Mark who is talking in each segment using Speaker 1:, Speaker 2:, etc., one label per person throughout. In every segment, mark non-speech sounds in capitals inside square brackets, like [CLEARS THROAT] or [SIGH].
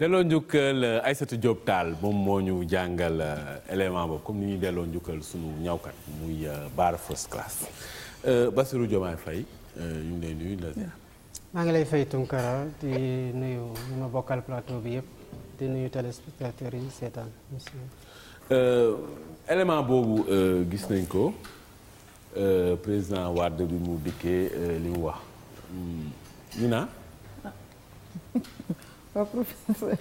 Speaker 1: delloo njukkal euh, Aïssatou Diop Tall moom moo ñu jàngal euh, élément boobu comme ni ñuy delloo njukkal sunu ñawkat muy euh, Baara First Class Bassirou Diomaye Faye ñu ngi lay nuyu.
Speaker 2: maa ngi lay fay Tunkara di nuyu ñu ma bokkal plateau bi yëpp di nuyu téléspectateurs yi seetaan monsieur.
Speaker 1: boobu gis nañ ko président Wade bi mu dikkee li mu wax ñu hmm. naa
Speaker 3: [LAUGHS] waaw professeur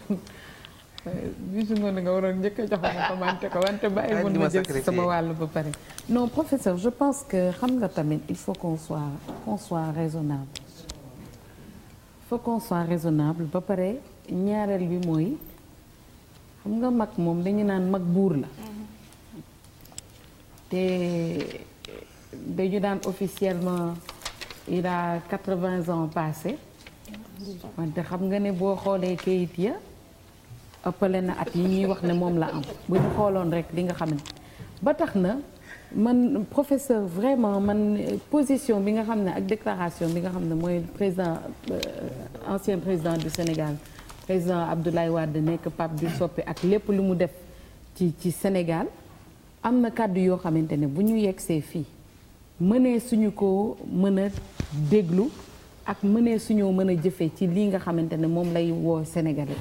Speaker 3: bisu ngoon nga waroon njëkk a jox ma commenté ko wante bàyyi mën ma jël sama wàll ba pare non professeur je pense que xam nga tamit il faut qu'on soit qu'on soit raisonnable il ba pare ñaareel bi mooy xam nga mag moom dañu naan mag buur la mhm. te dañu daan officiellement il a quatre-vingts ans passés wante xam nga ne boo xoolee kayit ya ëppale na at yi ñuy wax ne moom la am bu ñu xooloon rek li nga xam ne ba tax na man professeur vraiment man position bi nga xam ne ak déclaration bi nga xam ne mooy président euh, ancien président du Sénégal président Abdoulaye Wade nekk Pape du Soppi ak lépp lu mu def ci ci Sénégal am na kàddu yoo xamante ne bu ñu yegsee fii mënee suñu ko mën a déglu ak mënee suñoo mën a jëfee ci lii nga xamante ne moom lay woo Sénégalais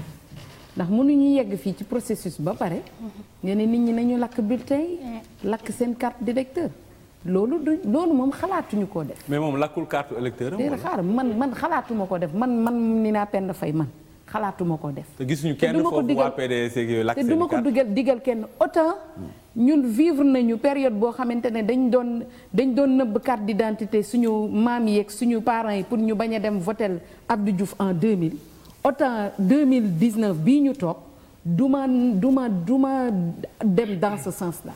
Speaker 3: ndax nu mënuñu yegg fii ci processus ba pare nga ne nit ñi nañu lakk bulletin
Speaker 4: yi
Speaker 3: lakk seen carte directeur loolu du loolu moom xalaatuñu koo def
Speaker 1: mais moom lakkul carte électeur am xaar
Speaker 3: man man xalaatuma ko def man man ni naa pend fay man xalaatuma ko def.
Speaker 1: te gisuñu kenn foofu waa PDS ak yooyu te duma ko
Speaker 3: digal digal kenn autant ñun vivre nañu période boo xamante ne dañ doon dañ doon nëbb carte d'identité suñu maam yeeg suñu parents yi pour ñu bañ a dem votel Abdou Diouf en 2000 autant 2019 bii ñu toog duma duma duma dem dans ce sens la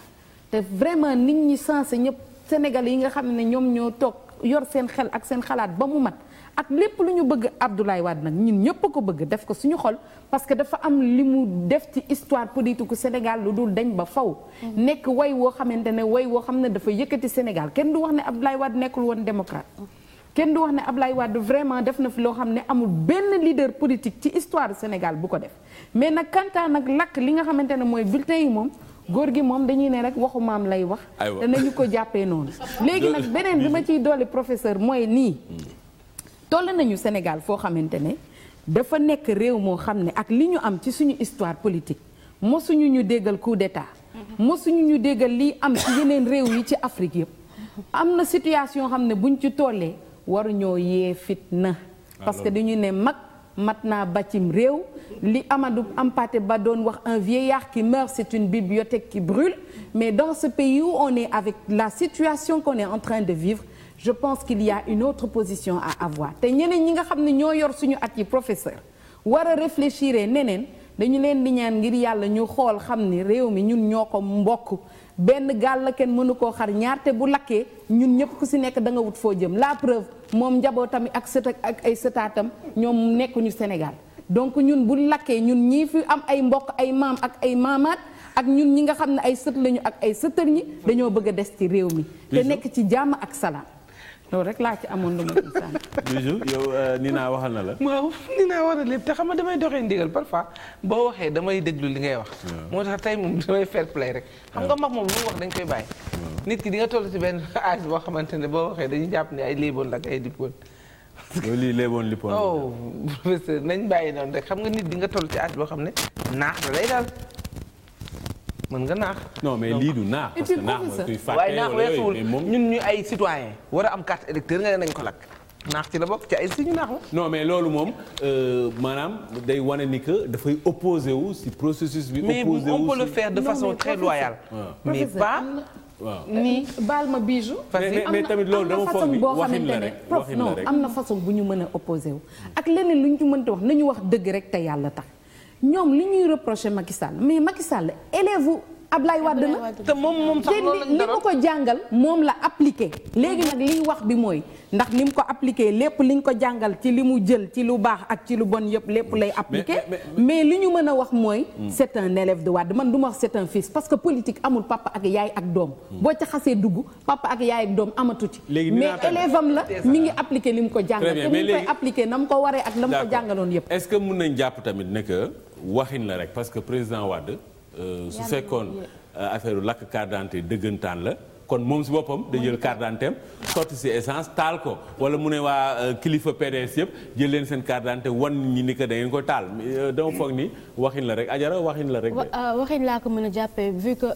Speaker 3: te vraiment nit ñi sensé ñëpp Sénégal yi nga xam ne ñoom ñoo toog yor seen xel ak seen xalaat ba mu mat ak lépp lu ñu bëgg Abdoulaye Wade nag ñun ñëpp ko bëgg def ko suñu xol parce que dafa am li mu def ci histoire politique gu Sénégal lu dul dañ ba faw nekk way woo xamante ne woy woo xam ne dafa yëkkati Sénégal kenn du wax ne Abdoulaye Wade nekkul woon démocrate kenn du wax ne Abdoulaye Wade vraiment def na fi loo xam ne amul benn leader politique ci histoire Sénégal bu ko def mais nag kantaa nag lakk li nga xamante ne mooy bulletin yi moom góor gi moom dañuy ne rek waxu maam lay wax danañu ko jàppee noonu [LAUGHS] léegi nag beneen bi ma ciy doole professeur mooy nii toll nañu Sénégal foo xamante ne dafa nekk réew moo xam ne ak li ñu am ci suñu histoire politique mosuñu ñu déggal coup d'état mhm. mosuñu ñu déggal liy am ci yeneen réew yi ci Afrique yëpp am na situation xam ne buñ ci tollee waruñoo yee fitna ah, parce que dañu ne mag mat naa bàccim réew li Amadou Hampâté Ba doon wax un vieillard qui meurt c'est une bibliothèque qui brûle mais dans ce pays où on avec la situation qu'on est en train de vivre je pense qu'il y a une autre position à avoir te ñeneen ñi nga xam ne ñoo yor suñu at yi professeur war a réfléchir neneen dañu leen di ñaan ngir yàlla ñu xool xam ni réew mi ñun ñoo ko mbokk benn gaal la kenn mënu koo xar ñaar te bu lakkee ñun ñëpp ku si nekk da nga wut foo jëm la preuve moom njabootam ak sët ak ay sëtaatam ñoom nekkuñu Sénégal donc ñun bu lakkee ñun ñii fi am ay mbokk ay maam ak ay maamaat ak ñun ñi nga xam ne ay sët lañu ak ay sëtër dañoo bëgg a des ci réew mi nekk ci jàmm ak salaam loolu rek laa ci amoon lu ma ci sànni.
Speaker 5: Bijou yow euh, Nina waxal na la.
Speaker 3: waaw naa war a lépp
Speaker 5: te xam nga damay doxee ndigal parfois boo waxee damay déglu li ngay wax. moo tax tey moom damay fair play rek. xam nga mag moom lu wax dañ koy bàyyi. nit ki di nga toll ci benn âge boo xamante ne boo waxee dañu jàpp ne ay léeboon la ak ay dippoon.
Speaker 1: loolu lii léeboon
Speaker 5: lippoon. oh [LAUGHS] professeur nañ bàyyi noonu rek xam nga nit di nga toll ci âge boo xam ne naax la lay daal. mën nga naax.
Speaker 1: non mais lii du naax. parce naax mooy kuy eh,
Speaker 5: ñun ñu ay citoyen war a am carte électeur nga ne nañ ko lakk. naax ci la bokk ci ay signe naax la.
Speaker 1: non mais loolu moom euh, maanaam day wane ni que dafay opposé wu si processus bi. opposé wu si mais on de façon très
Speaker 3: loyale. mais pas. waaw nii baal ma bijou. mais tamit loolu dama foog ni waxin la rek prof non am na façon bu ñu mën a opposé wu. ak leneen lu ñu ci mënti wax nañu wax dëgg rek te yàlla tax. ñoom li ñuy reproché Macky Sall mais Macky Sall élève ab Ablaye Wade la te moom moom sax loolu li ma ko jàngal moom la appliqué léegi nag liy wax bi mooy ndax ni mu ko appliqué lépp li nga ko jàngal ci li mu jël ci lu baax ak ci lu bon yëpp lépp lay appliqué mais li ñu mën a wax mooy hmm. c'est un élève de Wade man du ma wax c'est un fils parce que politique amul papa ak yaay ak doom hmm. boo ca xasee dugg papa ak yaay ak doom amatu ci mais élève am la mi ngi appliqué li mu ko jàngal te mi ngi koy appliqué na mu ko waree ak la mu yëpp
Speaker 5: est-ce que
Speaker 1: mën nañ jàpp tamit ne que waxin la rek parce que président Wade Euh, su fekkoon euh, affaire u lakk carte d'identité dëggantaan la kon moom si boppam da jël carte d'identité am sotti si essence taal ko wala mu ne waa euh, kilifa PDS yëpp jël leen seen carte d'identité wan ñi ni ko da ngeen ko taal dama foog ni waxin la rek ajara waxin la rek.
Speaker 6: waxin laa ko mën a jàppee vu que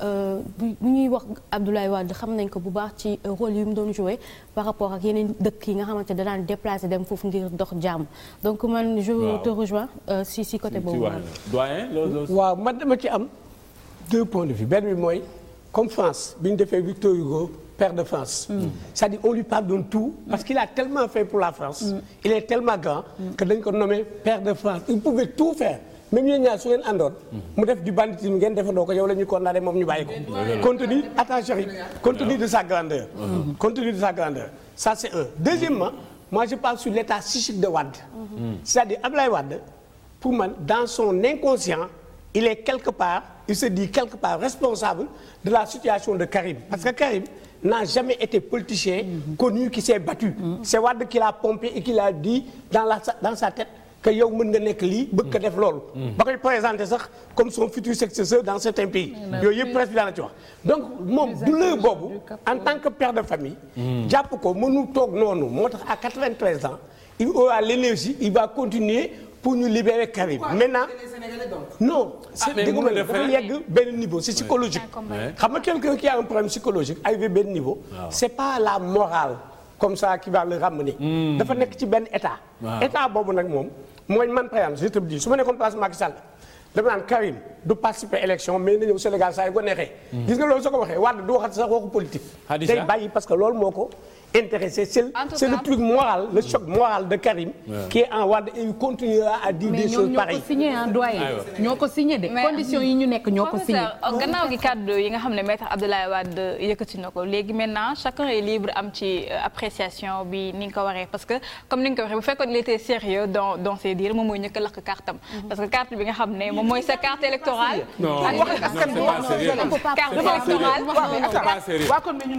Speaker 6: bu ñuy wax Abdoulaye Wade xam nañ ko bu baax ci rôle yu mu doon joué par rapport ak yeneen dëkk yi nga xamante ne daan déplacé dem foofu ngir ndox jàmm donc man. je te si si côté boobu.
Speaker 7: doyen loolu deux points benn bi mooy comme France bi ñu defee Victor Hugo père de France. Mm. c'est-à-dire on lui pardonne tout parce qu'il a tellement fait pour la France. Mm. il est tellement grand. Mm. que dañ ko nommé père de France il pouvait tout faire. même yéen ñaar su ngeen àndoon mu def du banditisme ngeen defandoo ko yow la ñuy condamné moom ñu bàyyi ko compte tenu attention yi compte tenu de sa grandeur compte de sa grandeur ça c'est un deuxièmement moi je parle sur l'état psychique de Wade man dans son inconscient il est quelque part il se dit quelque part responsable de la situation de Karim parce que Karim n'a jamais été politicien connu qui s'est battu c'est Wade qui l'a pompé et qui l'a dit dans la dans sa tête que yow mën nga nekk lii bëgg ko def loolu ba koy présenté sax comme son futur successeur dans certains pays yooyu yëpp presque daan la ci wax donc moom douleur boobu en tant que père de famille jàpp ko mënu toog noonu moo tax à 93 ans il aura l'énergie il continuer pour ñu libérer Karim maintenant
Speaker 5: non ah, dégguma dafa yegg
Speaker 7: benn niveau c'est psychologique ah, xam nga quelqu'un qui a un problème psychologique arrivé benn niveau c'est pas la morale comme ça qui va le hmm. dafa nekk ci benn état état boobu nag moom mooy man par exemple je te su ma nekkoon place Macky Sall dama naan Karim du participer élection mais na ñëw Sénégal saa yu ko neexee hmm. gis nga loolu soo ko waxee du waxat sax waxu politique day bàyyi parce que loolu moo ko intéressé. C'est le, c'est le truc moral, le choc moral de Karim. Ouais. en Wade et il continuera à dire mais
Speaker 8: des choses ñoo
Speaker 3: ko signé de conditions yi ñu nekk ñoo ko signé.
Speaker 8: Oh, gannaaw gi kàddu yi nga xam ne maître Abdoulaye Wade yëkkati na ko léegi maintenant chacun est libre am ci euh, appréciation bi ni nga ko waree parce que comme ni nga ko waxee bu fekkoon il était moom mooy ñëkk a lakk mhm. carte bi nga xam ne moom mooy sa carte électorale. non non c'est pas sérieux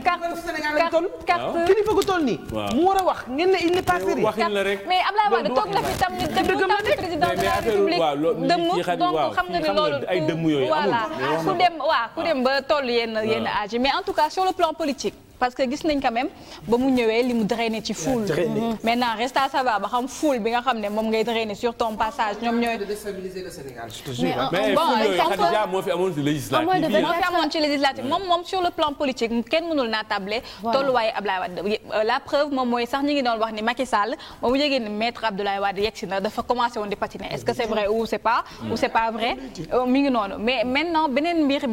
Speaker 8: carte électorale.
Speaker 5: kilifa gu toll nii.
Speaker 4: mu
Speaker 8: war a wax ngeen ne il n'est pas sérieux. waxin la rek mais Ablaye Wade toog na fi tam ñu dem mu président de la république dëmm donc xam nga ni loolu ay dëmm yooyu amul voilà ku dem waaw ku dem ba toll yenn yenn âge mais en tout cas sur le plan politique parce que gis nañ quand même ba mu ñëwee li mu drainer ci foule. Mm-hmm. maintenant reste à savoir ba xam foule bi nga xam ne moom ngay drainer sur ton passage ñoom ñooy. de déstabiliser le Sénégal.
Speaker 1: mais bon Khadija moo fi amoon ci législative moo fi amoon
Speaker 8: ci législative moom moom sur le plan politique kenn mënul naa table. tolluwaayu euh, la preuve moom mooy sax ñu ngi doon wax ni Macky Sall ba mu yëgee ni maître Abdoulaye Wade yegg si na dafa commencé woon di patiner est-ce que c'est vrai ou c'est pas ou c'est pas vrai euh, mi ngi noonu mais maintenant beneen mbir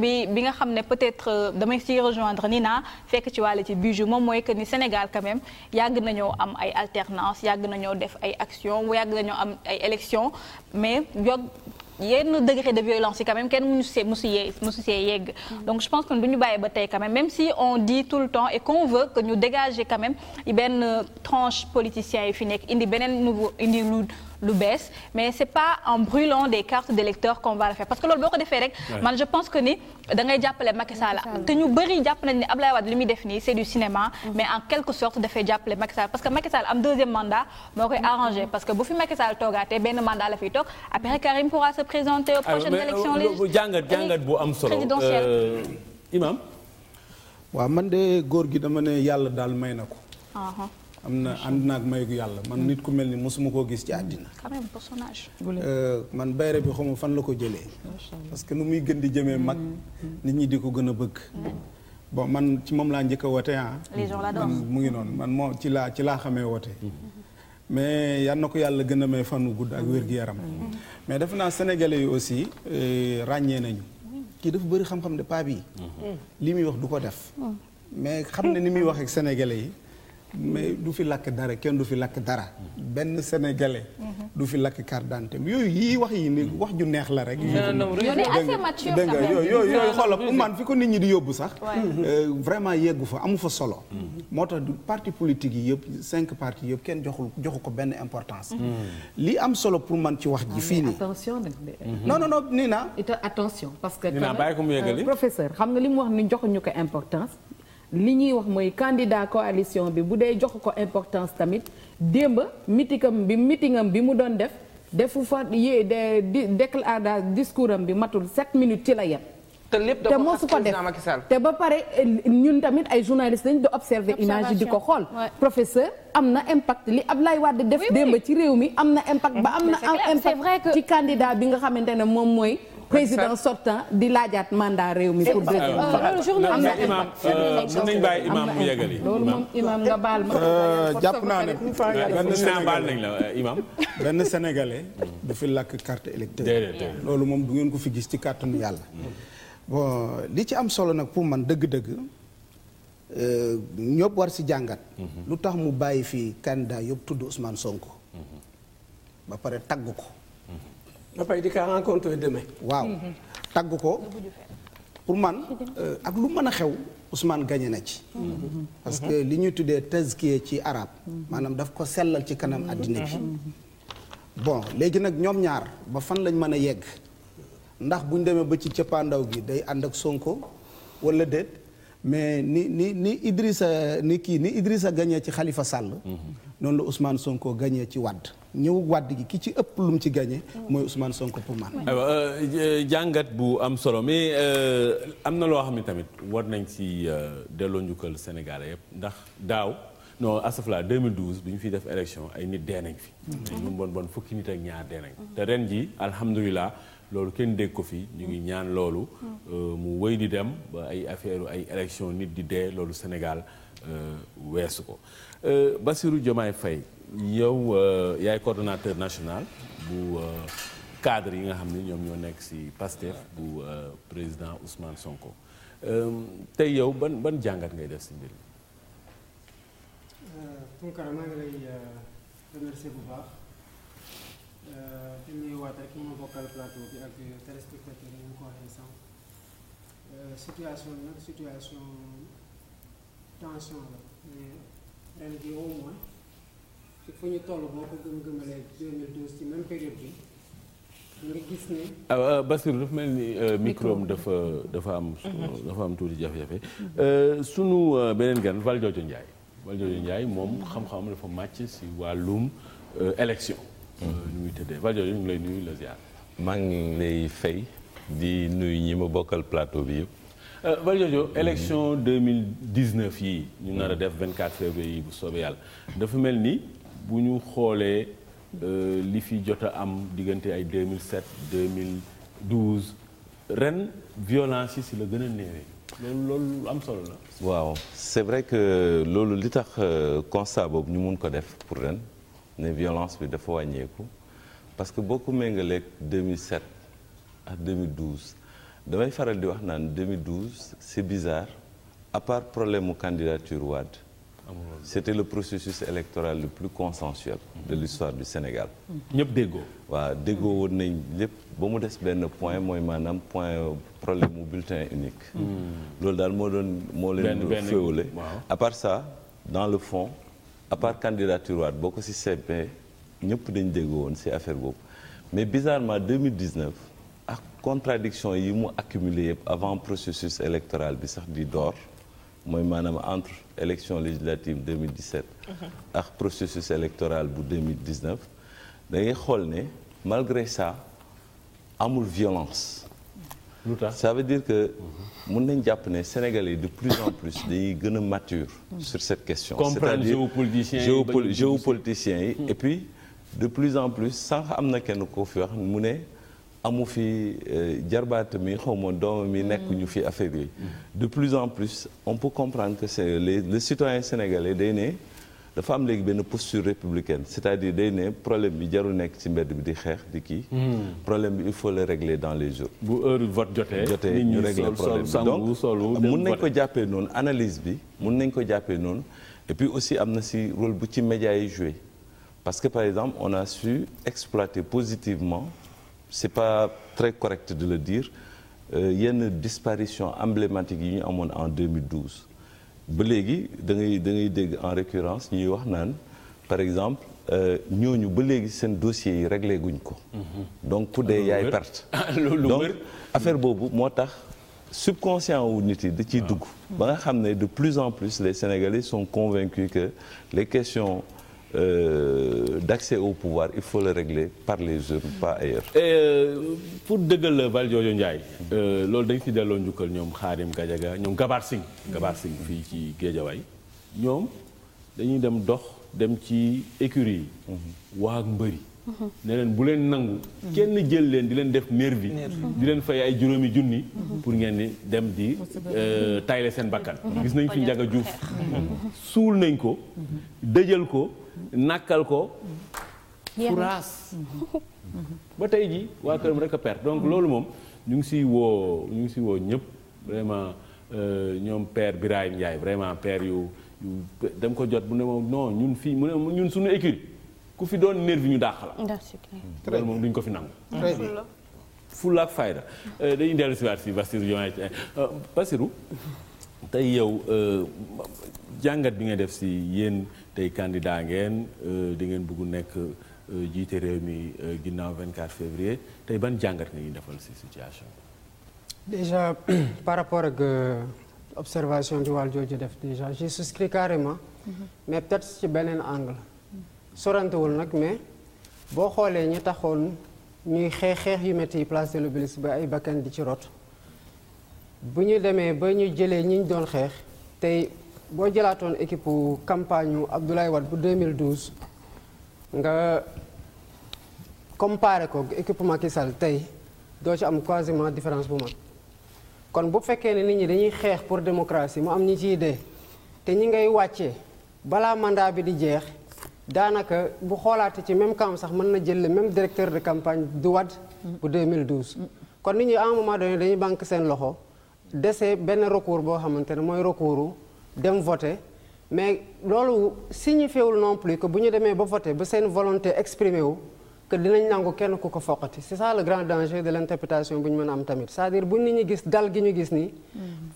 Speaker 8: duggaale ci bijou moom mooy que ni Sénégal quand même yàgg nañoo am ay alternance yàgg nañoo def ay action yàgg nañoo am ay élection mais yog yenn degré de violence yi quand kenn mënu see mësu yee mësu see yegg donc je pense que du ñu bàyyi ba tey quand même si on dit tout le temps et qu'on veut que ñu dégager quand même benn tranche politicien yi fi nekk indi beneen nouveau indi lu lu bees mais c'est pas en brûlant des cartes d'électeurs qu'on va le faire parce que loolu boo ko defee rek man je pense que ni da ngay jàppale Macky Sall te ñu bëri jàpp nañ ni Ablaye Wade li muy def nii c'est du cinéma mm. mais en quelque sorte dafay jàppale Macky Sall parce que Macky Sall am deuxième mandat moo koy arrangé mm. parce que bu fi Macky Sall toogaatee benn mandat la fiy toog après Karim pourra se présenter aux ah, prochaines élections euh,
Speaker 9: législatives euh, waaw man de góor gi dama ne yàlla daal may na ko ah, ah. am na ànd naag mayu yàlla man nit ku mel ni mosuma koo gis ci àddina.
Speaker 4: quand même
Speaker 9: euh, man bayre bi xaw ma fan la ko jëlee. parce que nu muy gën di jëmee mag. Mm, mm. nit ñi di ko gën a bëgg. Mm. bon man ci moom laa njëkk a wote ah. mu ngi noonu man moom ci laa ci laa xamee wote. mais yal na ko yàlla gën a may fanu gudd ak wér-gu-yaram. mais defe naa sénégalais yi aussi euh, ràññee nañu. kii dafa bëri xam-xam de paa bi. li muy wax du ko def. mais xam ne ni muy wax ak yi. mais du fi lakk dara kenn du fi lakk dara benn sénégalais mhm. du fi lakk carte d'identité yooyu yii wax yi ni wax ju neex la rek dégg nga yooyu yooyu yooyu xoolal man fi ko nit ñi di yóbbu sax euh, vraiment yeggu fa amu fa solo mhm. moo tax parti politique yi yëpp cinq parti yëpp kenn joxul joxu ko benn importance mhm. li am solo pour man ci wax ji fii
Speaker 4: nii attention nag non non
Speaker 3: non nii naa euh, professeur xam nga li mu wax ni joxuñu ko importance li ñuy wax mooy candidat coalition bi bu dee jox ko importance tamit démb mitikam bi mitingam bi mu doon def defu fa yé de déclara discours am bi matul 7 minutes ci la yem. te lépp da ko mosu ko def te ba pare ñun tamit ay journalistes lañ di observer image yi di ko xool. professeur am na impact li Ablaye Wade def démb ci réew mi am na impact. ba am na impact ci candidat bi nga xamante ne moom mooy. président sortant di laajaat mandat réew mi pour deuxième am na bàyyi imaam nga baal ma euh, jàpp naa ne benn baal nañ
Speaker 9: la euh, imaam benn sénégalais fi làkk carte électeur loolu moom du ngeen ko fi gis ci kàttanu yàlla bon li ci am solo nag pour man dëgg-dëgg euh, ñëpp war si jàngat mhm. lu tax mu bàyyi fi candidat yëpp tudd Ousmane Sonko mhm. ba pare tagg ko dafay di ka rencontrer waaw mhm. tagg ko pour man euh, ak lu mën a xew Ousmane gañe na ci. Mhm. Mhm. parce que li ñuy tuddee tazkiya ci arab maanaam daf ko sellal ci kanam àddina bi. bon léegi nag ñoom ñaar ba fan lañ mën a yegg ndax buñ demee ba ci cëppaandaw gi day ànd ak Sonko walla déet mais ni ni ni Idrissa ni kii ni Idrissa gañe ci xalifa sàll noonu la Ousmane Sonko gagné ci Wade ñëw Wade gi ki ci ëpp lu ci gagné. mooy Ousmane Sonko pour man.
Speaker 1: Euh, jàngat bu am solo mais euh, am na loo xam ne tamit war nañ ci euh, delloo njukkal Sénégal yëpp ndax daaw non asafla 2012 bi ñu fi def élection ay nit dee nañ fi. Mm-hmm. ñu bon bon fukki nit ak ñaar dee nañ. te ren ji alhamdulillah loolu kenn dégg ko fi ñu ngi ñaan loolu euh, mu wéy di dem ba ay affaire ay élection nit di dee loolu Sénégal euh, weesu ko euh, basiru Diomaye fay yow yaay coordinateur national bu cadre yi nga xam ne ñoom ñoo nekk ci Pastef bu président Ousmane Sonko tey yow ban ban jàngat ngay def ci mbir
Speaker 2: mi di nuyuwaat rek ñu ma bokkal euh, toll boo ko gëm-gëmalee 2012 ci même
Speaker 4: nga gis ne.
Speaker 1: ah euh, dafa mel ni euh, micro dafa dafa am. Mhm. dafa am tuuti jafe-jafe. sunu beneen gan Valdiodio Ndiaye Valdiodio Ndiaye moom xam-xam dafa màcc si wàllum élection. Euh, ñu muy tëddee Valdiodio ñu ngi lay nuyu la ziar.
Speaker 10: maa ngi lay fay di nuyu ñi ma bokkal plateau bi yëpp.
Speaker 1: Valdiodio euh, élection 2019 yi ñu nar a def 24 février yi bu soobee yàlla dafa mel ni bu ñu xoolee euh, li fi jot a am diggante ay 2007 2012 ren violence yi si la gën a néewee loolu lu am solo la.
Speaker 10: waaw c'est vrai que loolu li tax constat boobu ñu mun ko def pour ren. ne violence bi dafa wàññeeku parce que boo ko méngaleeg 2007 ak 2012 damay faral di wax naan 2012 c'est bizarre à part problème mu candidature Wade c'était le processus électoral le plus consensuel de l'histoire du Sénégal ñëpp déggoo waaw déggoo woon nañ lépp ba mu des benn point mooy maanaam point problème mu bulletin unique hmm. loolu daal moo doon moo leen féewale à part ça dans le fond à part candidature waat boo ko si seppee ñëpp dañ déggoo woon si affaire boobu mais bizarrement 2019 ak contradiction yi mu accumulé yëpp avant processus électoral bi sax di door mooy maanaam entre élection législative 2017 mhm. ak processus électoral bu 2019 da ngay xool ne malgré ça amul violence lu tax ça dire que mun nañ jàpp ne Sénégalais yi de plus en plus dañuy gën a mature sur cette question c'est-à-dire géopoliticiens yi hmm. et puis de plus en plus sànq am na kenn koo fi wax mu ne amu fi euh, jarbaat mi xaw ma doom mi hmm. nekk ñu fi affaire yi de plus en plus on peut comprendre que les le citoyen sénégalais day ne dafa am léegi benn posture républicaine c'est-à-dire day ne problème bi jarul nekk ci mbedd bi di xeex di kii. Hmm. problème bi il faut le régler dans les jours. bu heure vote
Speaker 1: jotee.
Speaker 4: jotee ñu régler problème bi
Speaker 10: donc mun nañ ko jàppee noonu analyse bi mun nañ ko jàppee noonu et puis aussi am na si rôle bu ci média yi joué parce que par exemple on a su exploiter positivement c'est pas très correct de le dire euh, yenn disparition emblématique yi ñu amoon en 2012. ba léegi da ngay da ngay dégg en récurrence ñuy wax naan par exemple euh, ñooñu ba léegi seen dossiers yi réglé guñ ko. Mhm. donc ku dee yaay perte. [LAUGHS] donc affaire boobu moo tax. subconscient wu nit yi da ciy ah. dugg. ba nga xam ne de plus en plus les Sénégalais sont convaincus que les questions. euh, d'accès au pouvoir il faut le régler par les urnes pas ailleurs.
Speaker 1: et euh, pour dëggal Val Diodio Ndiaye. Euh, loolu dañ si delloo njukkal ñoom Xaarim Gajaga ñoom Gabar Singh. Gabar Singh fii ci Géejawaay ñoom dañuy dem dox dem ci écurie yi. Mhm. waa mbëri. Mhm. ne leen bu leen nangu. Mhm. kenn jël leen di leen def nervi di leen fay ay juróomi junni. pour ngeen ni dem di euh, tayle seen bakkan. gis nañ fi Njaga Juuf. suul nañ ko dëjal ko. nakkal ko furaas [LAUGHS] ba tey ji waa këram rek a perte donc mm-hmm. loolu moom ñu ngi si woo ñu ngi si woo ñëpp vraiment euh, ñoom père Birahim Ndiaye vraiment per yu yu ko jot bu ne moom non ñun fii mu ne ñun suñu équipe ku fi doon nervi ñu dàq la
Speaker 4: mm-hmm.
Speaker 1: loolu moom duñ ko fi nangu fulla ak fayda euh, dañuy dellu si waat si Bassirou Diomaye euh, tey yow jàngat bi nga def si yéen tey candidat ngeen euh, di ngeen bëgg nekk euh, jiite réew mi euh, ginnaaw 24 février tey ban jàngat nga ñu defal ci situation
Speaker 2: déjà [CLEARS THROAT] par rapport ak observation ci wàll jooju def déjà j'ai souscrit carrément mm-hmm. mais peut-être ci beneen angle sorantewul nag mais boo xoolee ñi taxoon ñuy xeex xeex yu métti yi place de l'Obélisque ba ay bakkan di ci rot bu ñu demee ba ñu jëlee ñi ñu doon xeex tey boo jëlaatoon équipe campagne yu Abdoulaye Wade bu 2012 nga comparé ko équipe Macky Sall tey doo ci am quasiment différence bu mag kon bu fekkee ne nit ñi dañuy xeex pour démocratie mu am ñi ciy dee te ñi ngay wàccee balaa mandat bi di jeex daanaka bu xoolaate ci même camp sax mën na jël le même directeur de campagne du Wade bu 2012 kon nit ñi à un moment dañuy banque seen loxo dese benn recours boo xamante ne mooy recours dem voter mais loolu signifie wul non plus que bu ñu demee ba voter ba seen volonté exprimé wu que dinañ nangu kenn ku ko foqati c'est ça le grand danger de l'interprétation bu ñu mën a am tamit sa à dire bu nit ñi gis dal gi ñu gis nii.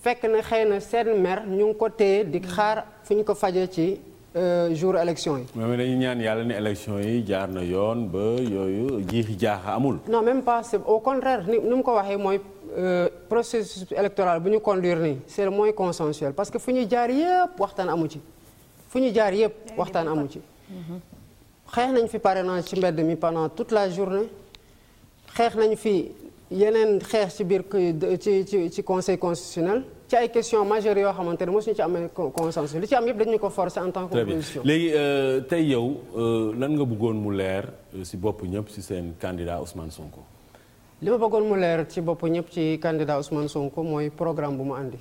Speaker 2: fekk na xëy na seen mer ñu ngi ko téye di xaar fu ñu ko fajee ci. Euh, jour élection yi.
Speaker 1: mais ñu ñaan yàlla ne élection yi jaar na yoon ba yooyu jiixi jaaxa amul.
Speaker 2: non même pas c'est au contraire ni mu ko waxee mooy Euh, processus électoral bu ñu conduire nii c'est le consensuel parce que fu ñu jaar yëpp waxtaan amu ci fu ñu jaar yëpp waxtaan amu ci xeex nañ fi parrainage ci mbedd mi pendant toute la journée xeex nañ fi yeneen xeex ci biir ci ci ci conseil constitutionnel ci ay question majeure yoo xamante ne mosuñu ci amee consensus li ci am yëpp dañu ko forcer en tant que opposition
Speaker 1: léegi euh, tey yow euh, lan nga buggoon mu leer si bopp ñëpp si seen candidat Ousmane Sonko
Speaker 2: li ma bëggoon mu leer ci bopp ñëpp ci candidat Ousmane Sonko mooy programme bu mu àndi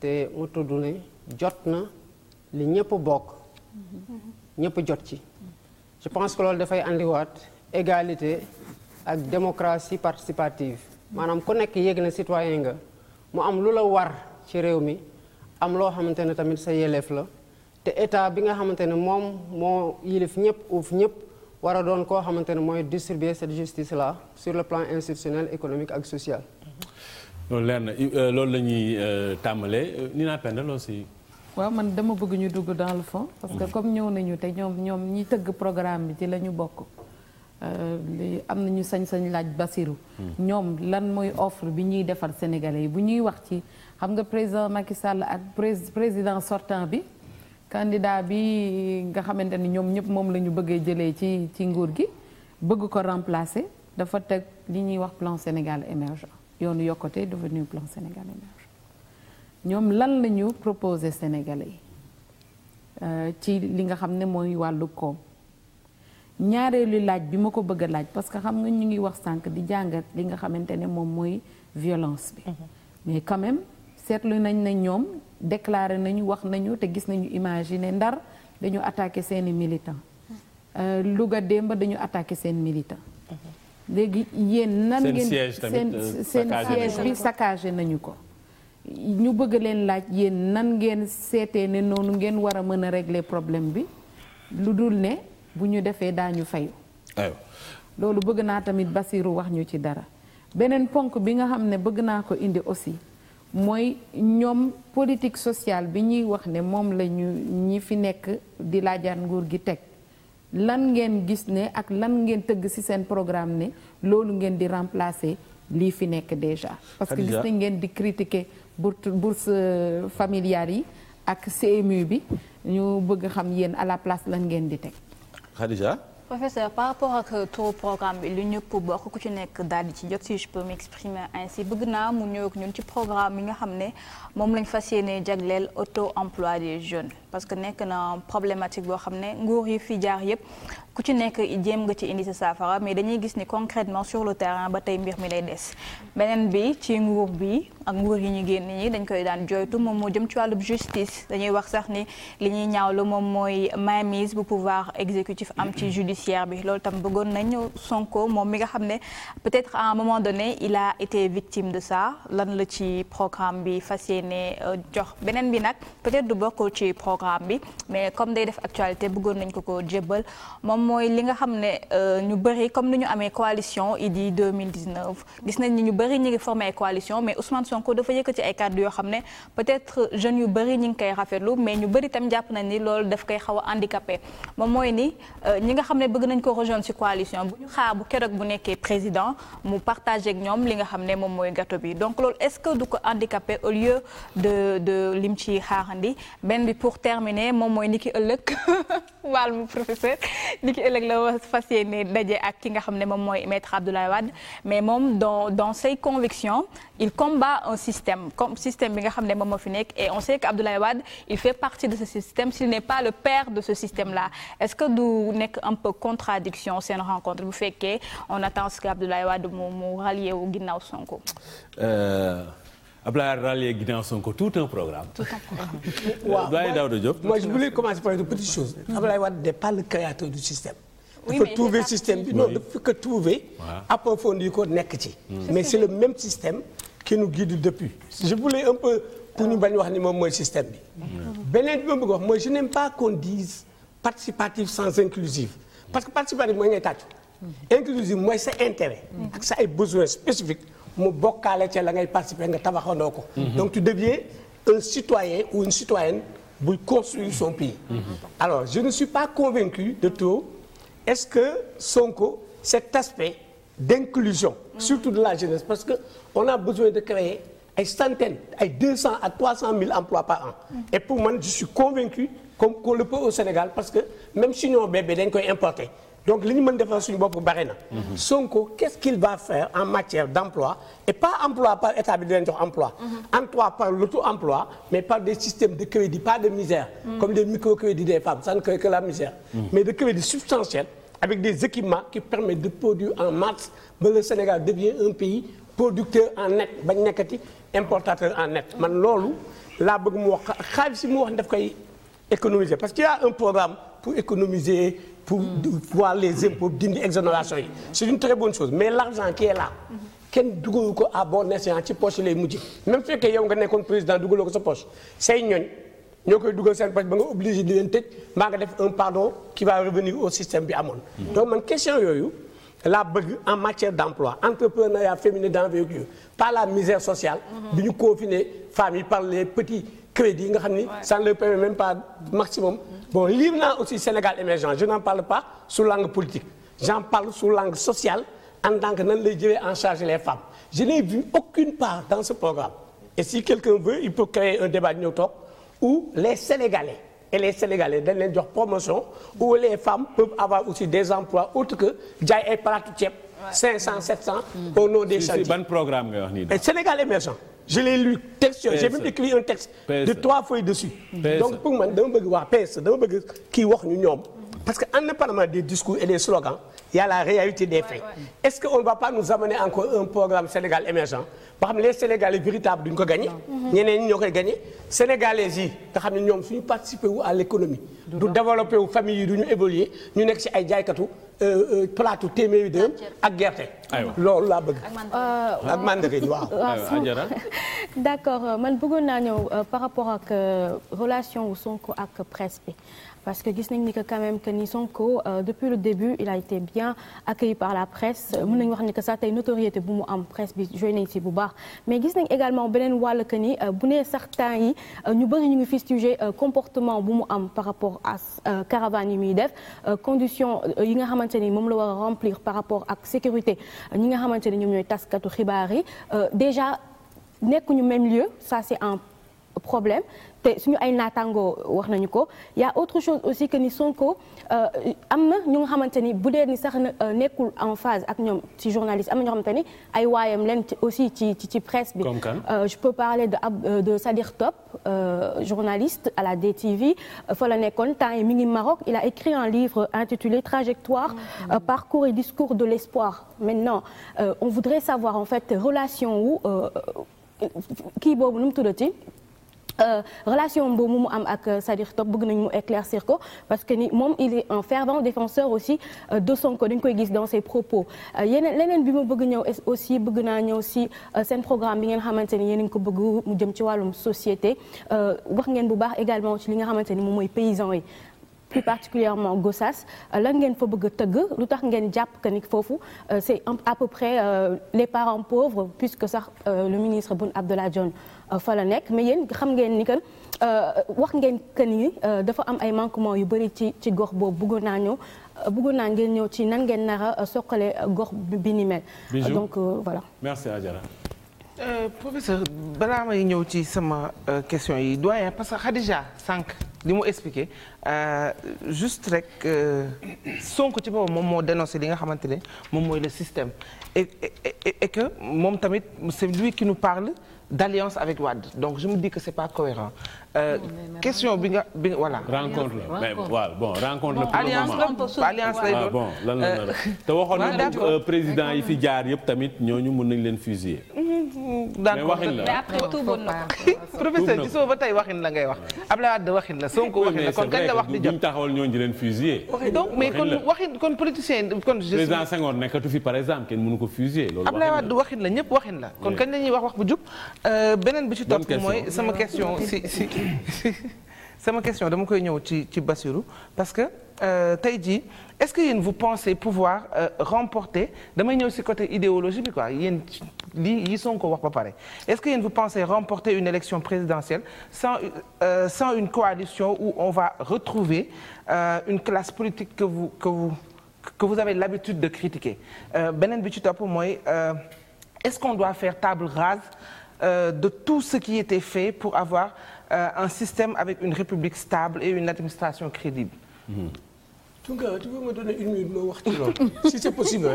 Speaker 2: te mu tudd ne jot na li ñëpp bokk ñëpp jot ci je pense que loolu dafay àndiwaat égalité ak démocratie participative maanaam ku nekk yéeg na citoyen nga mu am lu la war ci réew mi am loo xamante ne tamit sa yeleef la te état bi nga xamante ne moom moo yilif ñëpp uuf ñëpp war a doon koo xamante ne mooy distribuer cette justice la sur le plan institutionnel économique ak social.
Speaker 1: loolu leer na euh, loolu la ñuy euh, tàmbalee euh, ni naa penda loolu si.
Speaker 2: waaw man dama bëgg ñu dugg dans le fond. parce que mhm. comme ñëw
Speaker 3: nañu te ñoom ñoom ñi tëgg programme bi ci lañu bokk. li am nañu sañ-sañ laaj Basirou. Hmm. ñoom lan mooy offre bi ñuy defar Sénégalais yi bu ñuy wax ci xam nga président Macky Sall ak président sortant bi. candidat bi nga xamante ni ñoom ñëpp moom la ñu bëggee jëlee ci ci nguur gi bëgg ko remplacer dafa teg li ñuy wax plan Sénégal émergent yoonu yokkute devenu plan Sénégal émergent ñoom lan la ñu proposé Sénégalais yi euh, ci li nga xam ne mooy wàllu koom ñaareelu laaj bi ma ko bëgg a laaj parce que xam nga ñu ngi wax sànq di jàngat li nga xamante ne moom mooy violence bi mm-hmm. mais quand même seetlu nañ ne ñoom déclaré nañu wax nañu te gis nañu image yi ne ndar dañu attaqué seeni militant euh, Louga démb dañu attaqué seen militant léegi yéen nan ngeen seen euh, seen bi saccagé nañu ko ñu bëgg leen laaj yéen nan ngeen seetee ne noonu ngeen war a mën a régler problème bi lu dul ne bu ñu defee daañu fayu loolu bëgg naa tamit Basiru wax ñu ci dara beneen ponk bi nga xam ne bëgg naa ko indi aussi mooy ñoom politique sociale bi ñuy wax ne moom la ñu ñi fi nekk di laajaan nguur gi teg lan ngeen gis ne ak lan ngeen tëgg ci seen programme ne loolu ngeen di remplacer lii fi nekk déjà parce que gis nañ ngeen di critiquer bourse bourse euh, familiale yi ak CMU bi ñu bëgg xam yéen à la place lan ngeen di teg
Speaker 8: professeur par rapport ak euh, turu programme bi lu ñëpp bokk ku ci nekk daal di ci jot si je peux m'exprimer ainsi bëgg naa mu ñëw ak ñun ci programme yi nga xam ne moom lañ fas yéene jagleel auto emploi des jeunes parce que nekk na problématique boo xam ne nguur yi fi jaar yëpp ku ci nekk jéem nga ci indi sa saafara mais dañuy gis ni concrètement sur le terrain ba tey mbir mi lay des beneen bi ci nguur bi ak nguur yi ñu génn ñi dañ koy daan joytu moom moo jëm ci wàllub justice dañuy wax sax ni li ñuy ñaaw lu moom mooy mainmise bu pouvoir exécutif am ci judiciaire bi loolu tam bëggoon nañu Sonko moom mi nga xam ne peut-être en un moment donné il a été victime de ça lan la ci programme bi fas yéene euh, jox beneen bi nag peut-être du bokk ci programme bi mais comme day def actualité bëggoon nañ ko ko jébbal mooy li nga xam ne euh, ñu bëri comme ni ñu amee coalition Idy gis nañ ni ñu bëri ñu ngi formé ay coalition mais Ousmane Sonko dafa yëkkati yoo xam ne peut-être jeunes yu bëri ñu ngi koy rafetlu mais ñu bëri tam jàpp nañ ni loolu daf koy xaw a handicapé moom mooy ni euh, ñi nga xam ne bëgg nañ ko rejoindre ci coalition bu ñu xaar bu keroog bu nekkee président mu partagé ak ñoom li nga xam ne moom mooy gato bi donc loolu est-ce que du ko handicapé au lieu de de lim ci xaarandi benn bi pour terminer moom mooy ni ki ëllëg [LAUGHS] ki ëllëg la fas yéene daje ak ki nga xam ne moom mooy maître Abdoulaye Wade mais moom dans dans ses convictions il combat un système comme système bi nga xam ne moom moo fi nekk et on sait que Abdoulaye Wade il fait partie de ce système s'il n'est pas le père de ce système là est-ce que du nekk un peu contradiction seen rencontre bu fekkee on attend ce que Abdoulaye Wade mu mu rallier wu ginnaaw Sonko.
Speaker 1: Euh... Abdoulaye rallier Guinaw Sonko
Speaker 7: tout un programme. tout un programme
Speaker 8: [LAUGHS] waaw doyen
Speaker 7: Daouda Diop. moi je voulais commencer par une petite chose. Abdoulaye Wade n'est nekk ci. Hmm. mais c'est le même système. qui nous guide depuis. je voulais un peu pour ñu wax ni moom mooy système bi. Hmm. beneen bi ma bëgg wax mooy je n'aime pas que participatif mooy ngay tàccu. Hmm. mooy sa intérêt. ak sa ay besoins spécifiques. mu bokkaale ca la ngay participer nga tabaxandoo ko. Mhm. donc tu deviens un citoyen ou une citoyenne buy construire son pays. Mhm. alors je ne suis pas convaincu de tout est-ce que Sonko cet aspect d'inclusion. Mhm. surtout de la jeunesse parce que on a besoin de créer. ay centaines ay deux à trois cent mille emplois par an. et pour man je suis convaincu comme qu'on le peut au Sénégal parce que même si ñoo bébé dañ koy importer. donc li ñu mën defar suñu bopp bare na. Mhm. Sonko qu'est-ce qu'il va faire en matière d'emploi et pas emploi par état bi di leen jox emploi. Mhm. emploi par l'auto-emploi mais par des systèmes de crédit pas de misère. Mhm. comme des microcrédits des femmes ça ne crée que la misère. mais de crédit substantiel avec des équipements qui permettent de produire en masse ba Sénégal devient un pays producteur en net bañ nekkati importateur en net man loolu la bëgg mu wax xaalis si mu wax daf koy économiser parce qu'il un programme pour économiser. pour mm. voir les impôts dindi exonération yi c'est une très bonne chose mais l'argent qui est là mm-hmm. kenn dugalu ko à bon escient ci poche lay mujj même fekkee yow nga nekkoon président dugaloo ko sa poche say ñooñ ñoo koy dugal seen poche ba nga obligé di leen tëj mbaa nga def un pardon qui va revenir au système bi amoon mm-hmm. donc man question yooyu la bëgg en matière d'emploi entrepreneuriat féminin d'envergure par la misère sociale mm-hmm. bi ñu confiné femmes par les petits crédit nga xam ni ça ne le permet même pas maximum mm. bon lire naa aussi Sénégal émergent je n'en parle pas sous langue politique j'en parle sous langue sociale en tant que nan lay jëlee en charge les femmes je n'ai vu aucune part dans ce programme et si quelqu'un veut il peut créer un débat ñëw toog où les Sénégalais et les Sénégalais dañ leen jox promotion où les femmes peuvent avoir aussi des emplois autres que jaay ay palaatu ceeb 500 700 mm. au nom des charges ban
Speaker 1: programme nga wax nii
Speaker 7: Sénégal émergent je l'ai lu texte j'ai même écrit un texte. de trois feuilles dessus. donc pour man dama bëgg waa PS dama bëgg kii wax ñu ñoom. Parce qu'en parlant des discours et des slogans, il y a la réalité des faits. Ouais, ouais. Est-ce qu'on ne va pas nous amener encore un programme Sénégal émergent ba xam ne les Sénégalais véritables duñ ko gagné. Mhm. ñeneen ñi ñoo koy gagné. Sénégalais yi nga xam ne ñoom suñu participer wu à l'économie du développé wu famille yi du ñu évoluer ñu nekk si ay jaaykatu euh, euh, plaatu téeméeri dërëm ak gerte. loolu laa bëgg.
Speaker 6: ak mandarine euh,
Speaker 4: waaw.
Speaker 6: [LAUGHS] d'accord man bëggoon naa ñëw par rapport ak relation wu Sonko ak presse parce que gis nañ ni que quand même que ni Sonko euh, depuis le début il a été bien accueilli par la presse euh, mën nañu ni que ça tey notoriété bu mu am presse bi joué nañ si bu baax mais gis nañ également beneen wàll que ni euh, bu nee certains yi ñu bëri ñu ngi fustigé comportement bu mu am par rapport à caravane i muy def condition yi nga xamante ni moom la war a remplir par rapport ak sécurité ñi nga xamante ni ñoom ñooy taskatu xibaar yi déjà nekkuñu même lieu ça c'est un problème te suñu ay naataangoo wax nañu ko ya a autre chose aussi que ni Sonko euh, am na ñu nga xamante ni bu dee ni sax euh, nekkul en phase ak ñoom ci journaliste am na ñoo xamante ni ay waayam leen aussi ci ci presse bi. comme kan euh, je peux parler de ab de Sadir Top journaliste à la DTV fa la nekkoon temps yi mi ngi Maroc il a écrit un livre intitulé Trajectoire mm, mm. parcours et discours de l'espoir maintenant on voudrait savoir en fait relation wu kii boobu nu mu tuddati. Euh, relation boobu mu am ak euh, Sadikh Top bëgg nañ mu éclaircir ko parce que ni moom il est un fervent défenseur aussi euh, de Sonko dañ ko gis dans ses propos leneen bi mu bëgg ñëw aussi bëgg naa ñëw si seen programme bi ngeen xamante ni ñeen a ngi ko bëgg mu jëm ci wàllum société wax ngeen bu baax également ci li nga xamante ni moom mooy paysan yi plus particulièrement Gossas lan ngeen fo bëgg a tëgg lu tax ngeen jàpp que ni foofu c'est à peu près les parents pauvres puisque sax le ministre Boun Abdallah Dionne Euh, fa la nekk mais yéen xam ngeen ni que euh, wax ngeen que ni euh, dafa am ay manquement yu bëri ci ci gox boobu bëggoon naa ñëw bëggoon naa ngeen ñëw ci nan ngeen nar a soqale gox bi ni mel. donc voilà.
Speaker 5: merci Adjara. professeur balaa may ñëw ci sama question yi doyen parce que Khadija sànq li mu expliqué juste rek Sonko ci boppam moom moo dénoncé li nga xamante ne moom mooy le système. et que moom tamit c'est lui qui nous parle d'alliance avec Wade donc je me dis que c'est pas cohérent euh, question bi nga bi voilà. rencontre la mais bon rencontre la. pour alliance la ah, bon la euh, te waxoon [LAUGHS] nañu euh,
Speaker 1: président yi fi jaar yëpp tamit ñooñu mën nañ leen fusiller.
Speaker 5: mais waxin la professeur ci soo ba tey waxin la ngay wax Abdoulaye Wade waxin la Sonko waxin la kon kañ la wax di jot.
Speaker 1: duñ taxawal ñooñu di leen fusiller. donc mais kon
Speaker 5: waxin kon politicien kon. je président
Speaker 1: Senghor nekkatu fi par exemple kenn mënu ko fusiller.
Speaker 4: loolu Abdoulaye
Speaker 5: waxin la ñëpp waxin la kon kañ la wax wax bu jub euh, beneen bi ci topp mooy sama question si si [LAUGHS] sama question dama koy ñëw ci ci Bassirou parce que. Euh, tey jii est-ce que yéen vous pensez pouvoir euh, remporter damay ñëw ci côté idéologie bi quoi yéen lii yi Sonko wax ba pare est-ce que yéen vous pensez remporter une élection présidentielle sans euh, sans une coalition où on va retrouver une classe politique que vous que vous que avez l'habitude de critiquer beneen bi ci topp mooy est-ce qu'on doit faire table rase de tout ce qui était fait pour avoir un système avec une république stable et une administration crédible.
Speaker 4: Mmh.
Speaker 7: Tounkara tu veux me donner une minute ma wax ci loolu [LAUGHS] si c'est possible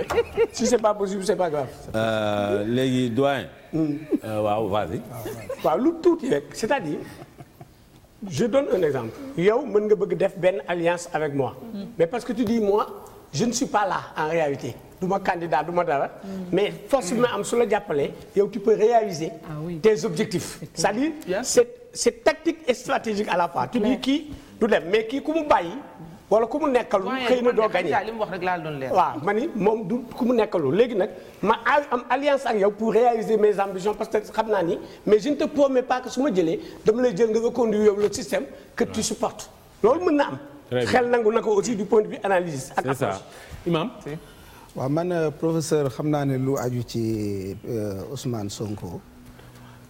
Speaker 7: si c'est pas possible c'est pas grave. Euh, léegi doyen. Hmm. Euh, waaw vas-y. waaw lu tuuti rek c'est-à-dire je donne un exemple. yow mën nga bëgg def benn alliance avec moi. Hmm. mais parce que tu dis moi je ne suis pas là en réalité. du ma candidat du ma dara. Hmm. mais force bi ma am su la yow tu peux réaliser. Ah oui. objectifs. cest à tactique et à la fois. tu dis kii du dem mais kii ku wala ku mu nekkalu xëy na doo gagné li mu
Speaker 5: wax rek laa doon leer waaw
Speaker 7: ma ni moom du ku mu nekkalu léegi nag ma am alliance ak yow pour réaliser mes ambitions parce que xam naa ni mais je ne te promets pas ma jëlee dama lay jël nga reconduire yow le système que tu supportes loolu mën na am xel nangu na ko aussi du point de vue analyse ak approche
Speaker 9: waaw man euh, professeur xam naa ne lu aju ci euh, Ousmane Sonko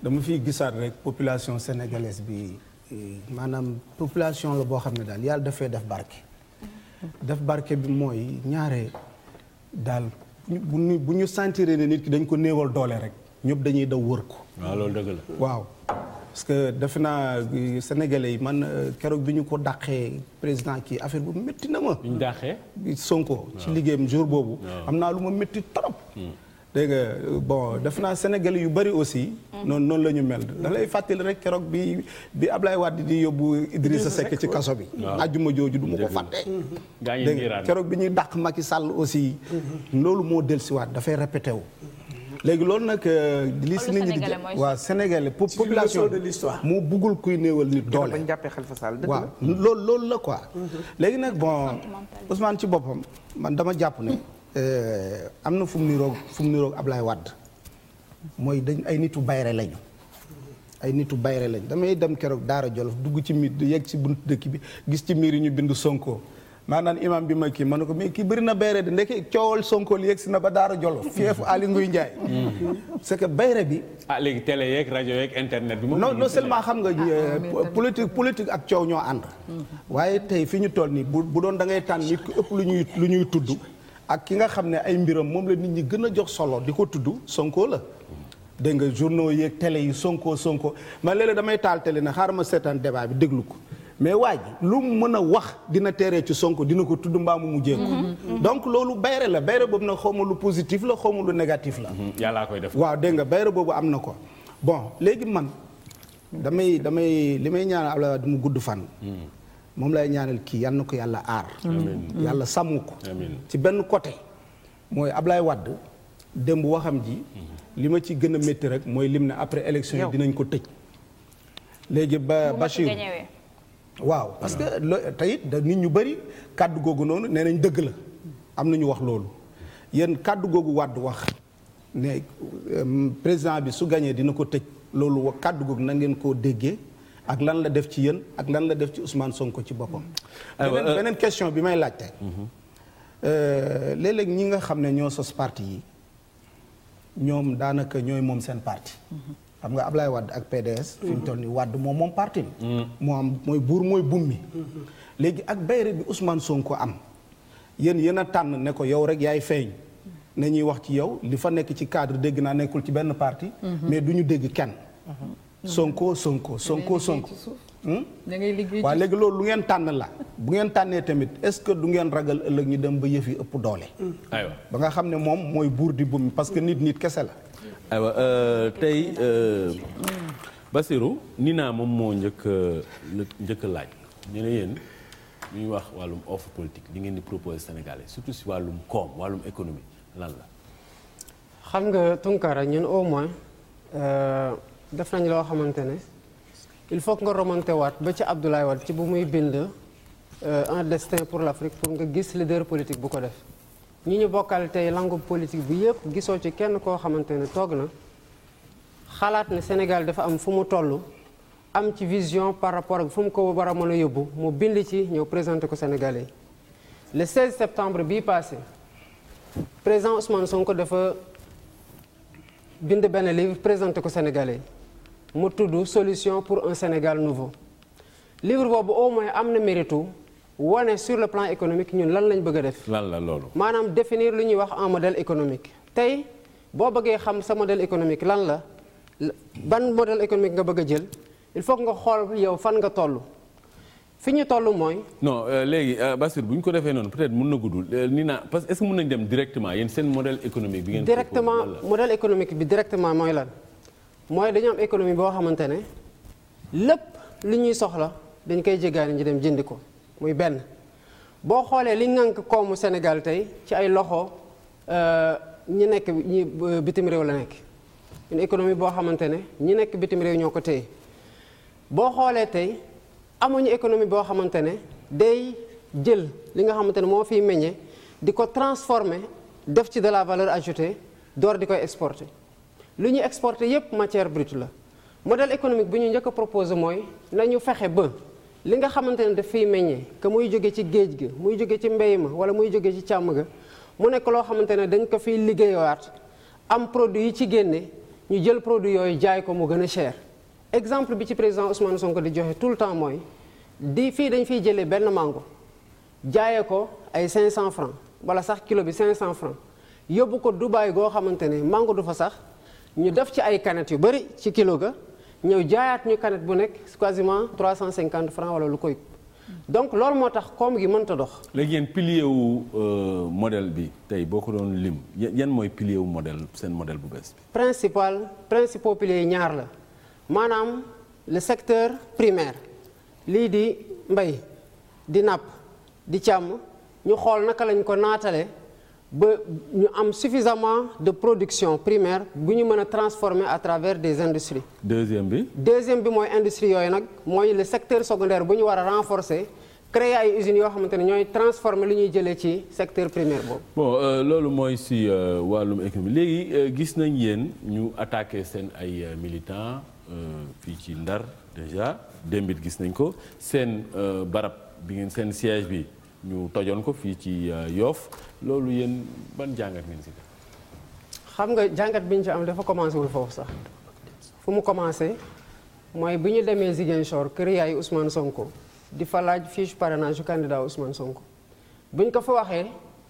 Speaker 9: dama fiy gisaat rek population sénégalaise bi euh, maanaam population la boo xam ne daal yàlla dafay def barke def barke bi mooy ñaare daal bu ñu bu ñu sentiree ne nit ki dañ ko néewal doole rek ñëpp dañuy daw wër ko.
Speaker 1: waaw loolu dëgg la. waaw
Speaker 9: parce que defe naa sénégalais yi man keroog bi ñu ko dàqee président kii affaire bu métti na ma. ñu dàqee. Sonko ci liggéeyam jour boobu. am naa lu ma métti trop. Hmm. dégg nga bon def naa Sénégalais yu bari aussi. Mm-hmm. noonu noonu la ñu mel. dalay fàttali rek keroog bi bi Ablaye Wade di yóbbu sa Seck ci kaso bi. waaw ajjuma jooju du ma ko fàtte. Mm-hmm.
Speaker 4: dégg keroog
Speaker 9: bi ñuy dàq Macky Sall aussi. Mm-hmm. loolu moo dellusiwaat dafay répété wu. léegi loolu nag euh, li si nit ñi di waaw Sénégalais population de l'histoire moo buggul kuy néewal nit doole bañ jàppee Khalifa Sall dëgg waaw loolu loolu la ko léegi nag bon Ousmane ci boppam man dama jàpp ne Euh, am na fu mu niroog fu mu ab Ablaye Wade mooy dañ ay nitu bayre lañu ay nitu bayre lañ damay dem keroog Daara Jolof dugg ci miir yegg ci bunt dëkk bi gis ci miir yi ñu bind Sonko maanaam imam bi ma kii ma ne ko mais kii bari na bayre de ndeke coowal Sonko li yegg si na ba Daara Jolof fiefu Aly Ngouille Ndiaye mm. c'est que bayre bi
Speaker 1: ah léegi télé yeeg rajo yeeg internet bi non non seulement xam
Speaker 9: nga ah, euh, politique politique ak coow ñoo ànd mm-hmm. waaye tey fi ñu toll nii bu doon da ngay lu ñuy lu ñuy tudd ak ki nga xam ne ay mbiram moom la nit ñi gën a jox solo di ko tudd sonkoo la dégg nga journaux yéeg télé yi Sonko Sonko man leen léeg damay taal télé na xaar ma seetaan débat bi déglu ko mais waa ji lu mu mën a wax dina teeree ci Sonko dina ko tudd mbaa mu mujjee ko mm-hmm. Mm-hmm. donc loolu bayre la bayre boobu na xaw xawma lu positif la xawma lu négatif la mm-hmm. yàllaa koy def waaw dégg nga bayre boobu am na ko bon léegi man damay damay li may ñaan Abdoulaye Wade mu gudd fan mm. moom lay ñaanal kii yal ko yàlla aar. yàlla sàmm ko. ci benn côté mooy ab Ablaye Wade démb waxam ji. li ma ci gën a métti rek mooy lim ne après élection yi dinañ ko tëj. léegi ba Bachir waaw parce que tey da nit ñu bëri kàddu googu noonu nee nañ dëgg la am na ñu wax loolu yéen kàddu googu wàdd wax ne euh, président bi su gañee dina ko tëj loolu kàddu googu na ngeen koo déggee. ak lan la def ci yéen ak lan la def ci Ousmane Sonko ci boppam. beneen euh, beneen question bi may laajte. Mhm. Euh, léeg-léeg ñi nga xam ne ñoo sos parti yi ñoom daanaka ñooy moom seen parti. Mhm. xam nga Ablaye Wade ak PDS. fi mhm. toll nii Wade moom moom parti mi. moo am mooy buur mooy bum mi. léegi ak bayre bi Ousmane Sonko am yéen yéen a tànn ne ko yow rek yaay feeñ. na ñuy wax ci yow li fa nekk ci cadre dégg naa nekkul ci benn parti. mais du ñu dégg kenn. sonko sonko sonko sonk hmm?
Speaker 2: da ngay liggéey waaw léegi
Speaker 9: loolu lu ngeen tànn la bu ngeen tànnee tamit est-ce que du ngeen ragal ëllëg ñu dem ba yëf yi ëpp doole. Hmm. ba nga xam ne moom mooy buur di bumi parce que nit nit kese la.
Speaker 1: aywa euh, tey euh, Basirou ni naa moom moo njëkk euh, njëkk laaj ñu ne yéen ñuy wax wàllum offre politique di ngeen di proposer Sénégalais surtout si wàllum koom wàllum économie lan la.
Speaker 2: xam nga Tunkara ñun au moins. def nañ loo xamante ne il faut nga remonté waat ba ci Abdoulaye Wade ci bu muy bind euh, un destin pour l'Afrique pour nga gis leader politique bu ko def ñi ñu bokkal tey langue politique bi yépp gisoo ci kenn koo xamante ne toog na xalaat ne Sénégal dafa am fu mu toll am ci vision par rapport ak fu mu ko war a mën a yóbbu mu bind ci ñëw présenté ko Sénégalais yi le 16 septembre bii passé président Ousmane ko dafa bind benn livre présenté ko Sénégalais mu tudd solution pour un Sénégal nouveau livre boobu au moins am na méritu wane sur le plan économique ñun lan lañ bëgg a def. lan la loolu. maanaam définir lu ñuy wax un modèle économique tey boo bëggee xam sa modèle économique lan la ban modèle économique nga bëgg a jël il faut nga xool yow fan nga toll. fi ñu toll mooy.
Speaker 1: non euh, léegi euh, Bassir bu ñu ko defee noonu peut-être na guddul euh, ni naa parce est-ce bi ngeen directement modèle
Speaker 2: économique bi directement mooy lan. mooy dañu am économie boo xamante ne lépp li ñuy soxla dañ koy jéggaani ñi dem jëndi ko muy benn boo xoolee li ngànk koomu Sénégal tey ci ay loxo euh, ñi nekk ñi euh, bitim réew la nekk une économie boo xamante ne ñi nekk bitim réew ñoo ko téye boo xoolee tey amuñu économie boo xamante ne day jël li nga xamante ne moo fiy meññee di ko transformer def ci de la valeur ajoutée door di koy exporter li ñu exporté yépp matière brute la modèle économique bi ñu njëkk a proposé mooy ñu fexe ba li nga xamante ne daf fiy meññee que muy jóge ci géej ga muy jóge ci mbéy ma wala muy jóge ci càmm ga mu nekk loo xamante ne dañ ko fiy liggéeyaat am produit yi ci génne ñu jël produit yooyu jaay ko mu gën a cher exemple bi ci président Ousmane Sonko di joxe tout le temps mooy di fii dañ fiy jëlee benn mango jaayee ko ay 500 francs wala sax kilo bi 500 francs yóbbu ko Dubaay goo xamante ne mango du fa sax ñu def ci ay canettes yu bëri ci kilo ga ñëw jaayaat ñu canette bu nekk quasiment 350 francs wala lu koy donc loolu moo tax koom gi mënta dox.
Speaker 1: léegi yéen pilier wu euh, modèle bi tey boo ko doon lim yan mooy pilier wu modèle seen
Speaker 2: modèle bu bees bi. principal principaux ñaar la maanaam le secteur primaire lii di mbay di napp di càmm ñu xool naka lañ ko naatale. ba ñu am suffisamment de production primaire bu ñu mën a transformer à travers des industries.
Speaker 1: deuxième bi.
Speaker 2: deuxième bi mooy industrie yooyu nag mooy le secteur secondaire bu ñu war a renforcer créer ay usines yoo xamante ne ñooy transformer lu ñuy jëlee ci secteur primaire boobu.
Speaker 1: bon euh, loolu mooy si euh, wàllum économie léegi euh, gis nañ yéen ñu attaqué seen ay militants fii ci Ndar déjà démbit gis nañ ko seen barab bi ngeen seen siège bi. ñu tojoon ko fii ci euh, Yoff loolu yéen ban jàngat ngeen si
Speaker 2: xam nga jàngat bi ñu ci am dafa commencé wul foofu sax fu mu commencé mooy bi ñu demee Ziguinchor kër yaay Ousmane Sonko di fa laaj pare parrainage yu candidat Ousmane Sonko bu ñu ko fa waxee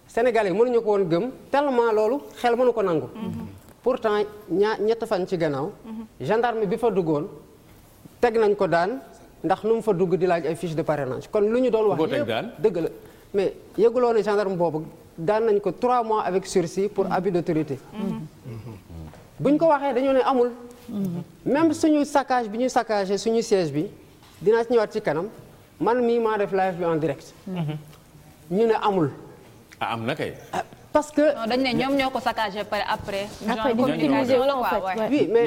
Speaker 2: Sénégalais yi mënuñu ko woon gëm tellement loolu xel mënu ko nangu. Mm-hmm. pourtant ñaa ñett fan ci gannaaw. Mm-hmm. gendarme bi fa duggoon teg nañ ko daan. ndax lu mu fa dugg di laaj ay fiche de parrainage kon lu ñu doon wax yëpp dëgg la mais yëguloo ne gendarme boobu daan nañ ko 3 mois avec sursis pour mm-hmm. abus d'autorité mm-hmm. Mm-hmm. buñ ko waxee dañoo ne amul même suñu saccage bi ñu saccagé suñu siège bi dinaa ci ñëwaat ci kanam man mii maa def live bi en direct ñu ne amul
Speaker 1: a ah, am na kay ah,
Speaker 8: parce que non dañ ne ñoom ñoo ko saccagé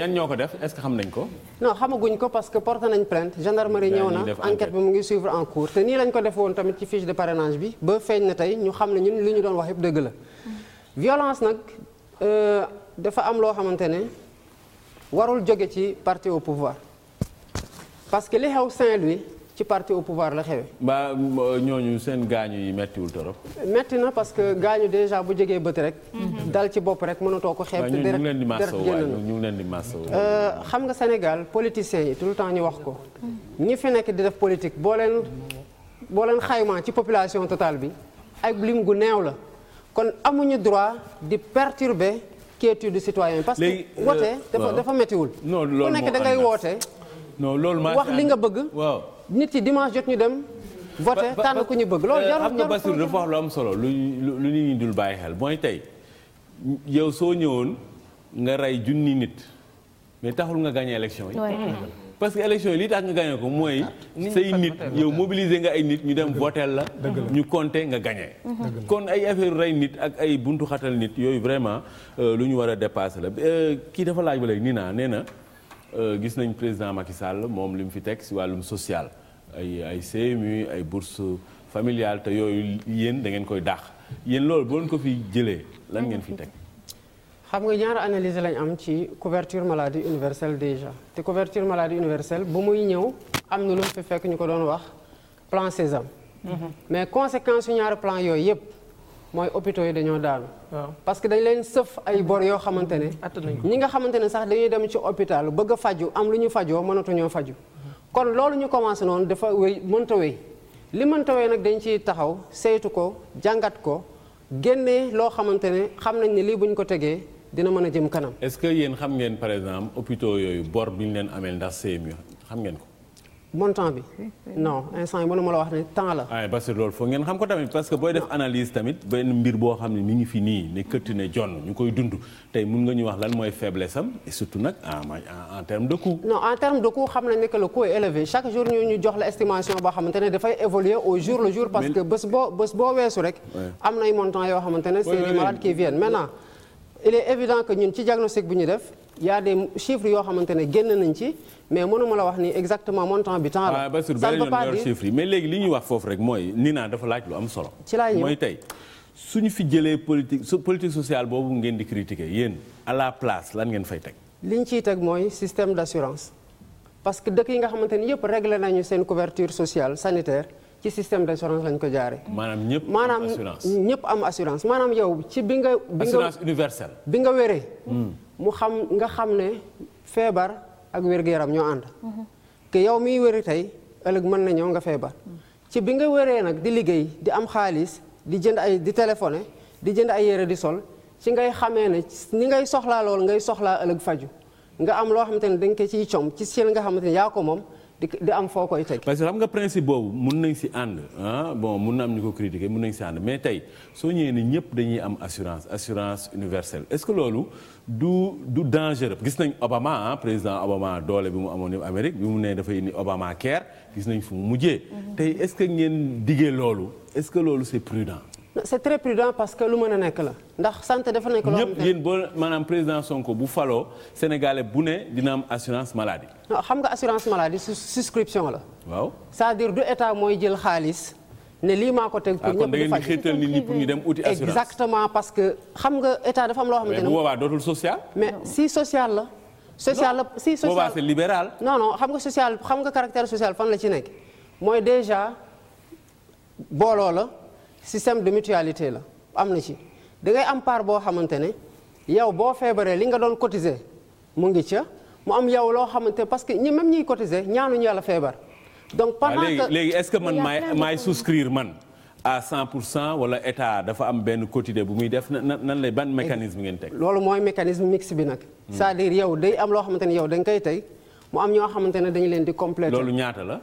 Speaker 1: ñoo ko def est-ce que xam nañ ko.
Speaker 2: non xamaguñ ko parce que porté nañ plainte gendarmerie ñëw na enquête bi mu ngi suivre en cours te nii lañ ko def woon tamit ci fiche de parrainage bi ba feeñ na tey ñu xam ne ñun li ñu doon wax yëpp dëgg la. violence nag euh, dafa am loo xamante ne warul jóge ci parti au pouvoir parce que li xew Saint-Louis. ci parti au pouvoir la xewe
Speaker 1: ba euh, ñooñu seen gaañu yi méttiwul torop
Speaker 2: métti na parce que gaañu déjà bu jegee bët rek. Mhm. dal ci bopp rek mënatoo ko xeeb. te deret ñu
Speaker 1: ngi leen di euh,
Speaker 2: xam nga Sénégal politiciens yi le temps ñu wax ko. ñi fi nekk di def politique boo leen boo leen ci population totale bi ay lim gu neew la kon amuñu droit di perturber quiétude citoyen parce que euh, woote dafa dafa méttiwul.
Speaker 1: non nekk da woote. non loolu wax li nga bëgg.
Speaker 2: nit yi dimanche jot ñu dem.
Speaker 1: voté tànn ku ñu bëgg loolu jarul am na Bassirou dafa lu solo lu lu nit ñi dul bàyyi xel mooy tey yow soo ñëwoon nga rey junni nit mais taxul nga gagné élection yi. parce que élection yi li tax nga gagné ko mooy. Ah, say nit yow mobiliser nga ay nit ñu dem voté la. ñu compté nga gagné. kon ay affaire rey nit ak ay buntu xatal nit yooyu vraiment euh, lu ñu war a dépassé la euh, kii dafa laaj ba léegi nii naa nee na. Euh, gis nañ président Macky Sall moom li mu fi teg si wàllum social ay ay CMU ay bourse familiale te yooyu yéen da ngeen koy dàq yéen loolu boo leen ko fi jëlee lan ngeen fi teg.
Speaker 2: xam nga ñaari analyse lañ am ci couverture maladie universelle déjà te couverture maladie universelle bu muy ñëw am na lu mu fi fekk ñu ko doon wax plan Sésame. Mhm. mais conséquence yu ñaari plan yooyu yëpp. mooy hôpitaux yi dañoo daanu. parce que dañ leen sëf ay bor yoo xamante ne. ñi nga xamante ne sax dañuy dem ci hôpital bëgg faju am lu ñu fajoo mënatuñoo faju kon loolu ñu commencé noonu dafa wéy mënta wéy li mënta wéy nag dañ ciy taxaw saytu ko jàngat ko génnee loo xamante ne xam nañ ñi lii buñ ko tegee. dina mën a jëm kanam.
Speaker 1: est-ce que yéen xam ngeen par exemple hôpitaux yooyu bor bi ñu leen ameel ndax CMU xam ngeen ko.
Speaker 2: montant bi non instant yi mënuma la wax ne
Speaker 1: temps la. waaye parce loolu foog ngeen xam ko tamit parce que booy def analyse tamit benn mbir boo xam ne mi ngi fi nii ne këtt ne jonn ñu koy dund tey mun nga ñu wax lan mooy faiblesse am surtout nag en en terme de coût.
Speaker 2: non en terme de xam ne que le coût est chaque jour ñu ñu jox la estimation boo xamante ne dafay évoluer au jour le jour. parce que bés boo bés boo weesu rek. am nay montant yoo xamante ne c'est des malades qui il est évident que ñun ci diagnostic bu ñu def y a des yoo xamante ne génn nañ ci mais mënuma la wax ni exactement montant bi temps la. Ah, ça ne peut
Speaker 1: li ñuy wax foofu rek mooy Nina dafa laaj lu am solo. ci laay mooy tey suñu fi jëlee politique su politique sociale boobu ngeen di critiquer yéen à la place lan ngeen fay teg.
Speaker 2: li ñu ciy teg mooy système d' assurance parce que dëkk yi nga xamante ni yëpp réglé nañu seen couverture sociale sanitaire. ci système d' assurance lañ ko jaaree.
Speaker 1: maanaam ñëpp maanaam
Speaker 2: ñëpp am assurance maanaam yow ci bi nga. bi nga bi nga wéree. Hmm. mu xam nga xam ne feebar ak wér-gu-yaram ñoo ànd. que hmm. yow miy wéri tey ëllëg mën na nga feebar. ci bi nga wéree nag di liggéey di am xaalis di jënd ay di téléphoné di jënd ay yére di sol ci ngay xamee ne ni ngay soxlaa lool ngay soxlaa ëllëg faju nga am loo xamante ne dañ ko ciy com ci seen nga xamante ne yaa ko moom. di am foo koy teg.
Speaker 1: parce que xam nga principe boobu mun nañ si ànd ah bon mun na am ñu ko critiquer mun nañ si ànd mais tey soo ñëwee ni ñëpp dañuy am assurance assurance universelle est-ce que loolu du du dangereux gis nañ Obama ah président Obama doole bi mu amoon yëpp Amérique bi mu ne dafay indi Obama care gis nañ fu mu mujjee. Mm-hmm. tey est-ce que ngeen diggee loolu est-ce que loolu c'est prudent.
Speaker 2: c'est très prudent parce que lu mën a nekk la ndax santé dafa nekk. loo ne ñëpp yéen
Speaker 1: boo maanaam président Sonko bu faloo sénégalais bu ne dina am assurance maladie.
Speaker 2: xam nga assurance maladie souscription la. waaw cest dire du état mooy jël xaalis. ne lii maa ko teg pour ah, ñëpp di faj xeetal
Speaker 1: nit pour ñu dem uti assurance
Speaker 2: exactement parce que xam nga état dafa am loo xamante ne. mais bu
Speaker 1: boobaa dootul social.
Speaker 2: mais si social la. social la si social boobaa c'est libéral. non non xam nga social xam nga caractère social fan la ci nekk mooy déjà booloo la. système de mutualité la am na ci da ngay am part boo xamante ne yow boo feebaree li nga doon cotiser mu ngi ca mu am yow loo xamante parce que ñi même ñiy cotiser ñaanuñu yàlla feebar. donc ah, pendant que léegi est-ce que man maay maay souscrire
Speaker 1: man. à 100 pour cent wala état dafa am benn quotidien bu muy def nan lay ban mécanisme ngeen teg.
Speaker 2: loolu mooy mécanisme mix bi nag. Hmm. c'est-à-dire yow day am loo xamante ne yow dañ koy tey mu am ñoo xamante ne dañu leen di compléter. loolu ñaata la.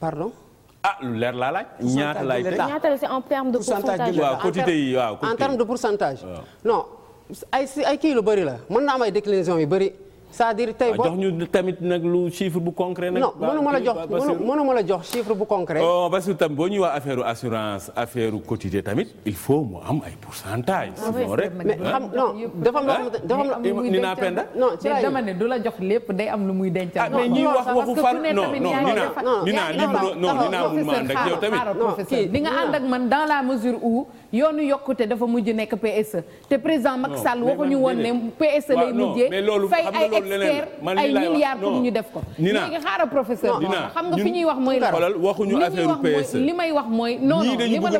Speaker 2: pardon.
Speaker 1: ah lu leer laa laaj. ñaata laay teg ñaata
Speaker 2: en terme de pourcentage waaw quotité yi terme de pourcentage non ay si ay kii lu bëri la mun naa may ay déclinaison yu bëri. c'est-à-dire tey ah, boo jox
Speaker 1: ñu tamit nag lu chiffre bu
Speaker 2: concret. nag non mënu ma la jox mënu chiffre bu concret.
Speaker 1: oh parce que tam boo ñuy wax affaire assurance affaire quotidien tamit il faut mu am ay pourcentage. Ah sinon rek mais xam ah.
Speaker 2: non dafa
Speaker 3: am lu muy du la jox lépp day am lu muy denc. ah mais ñi wax waxu far non non non ni naa ni naa mënuma ànd ak tamit. non nga ànd ak man dans la mesure où. yoonu yokkute dafa mujj nekk PSE te président Macky Sall waxuñu woon ne PSE lay mujjee fay ay experts ay milliards pour ñu def ko léegi xaaral professeur xam nga fi ñuy wax mooy xoolal waxuñu affaire PSE li may wax mooy non non li ma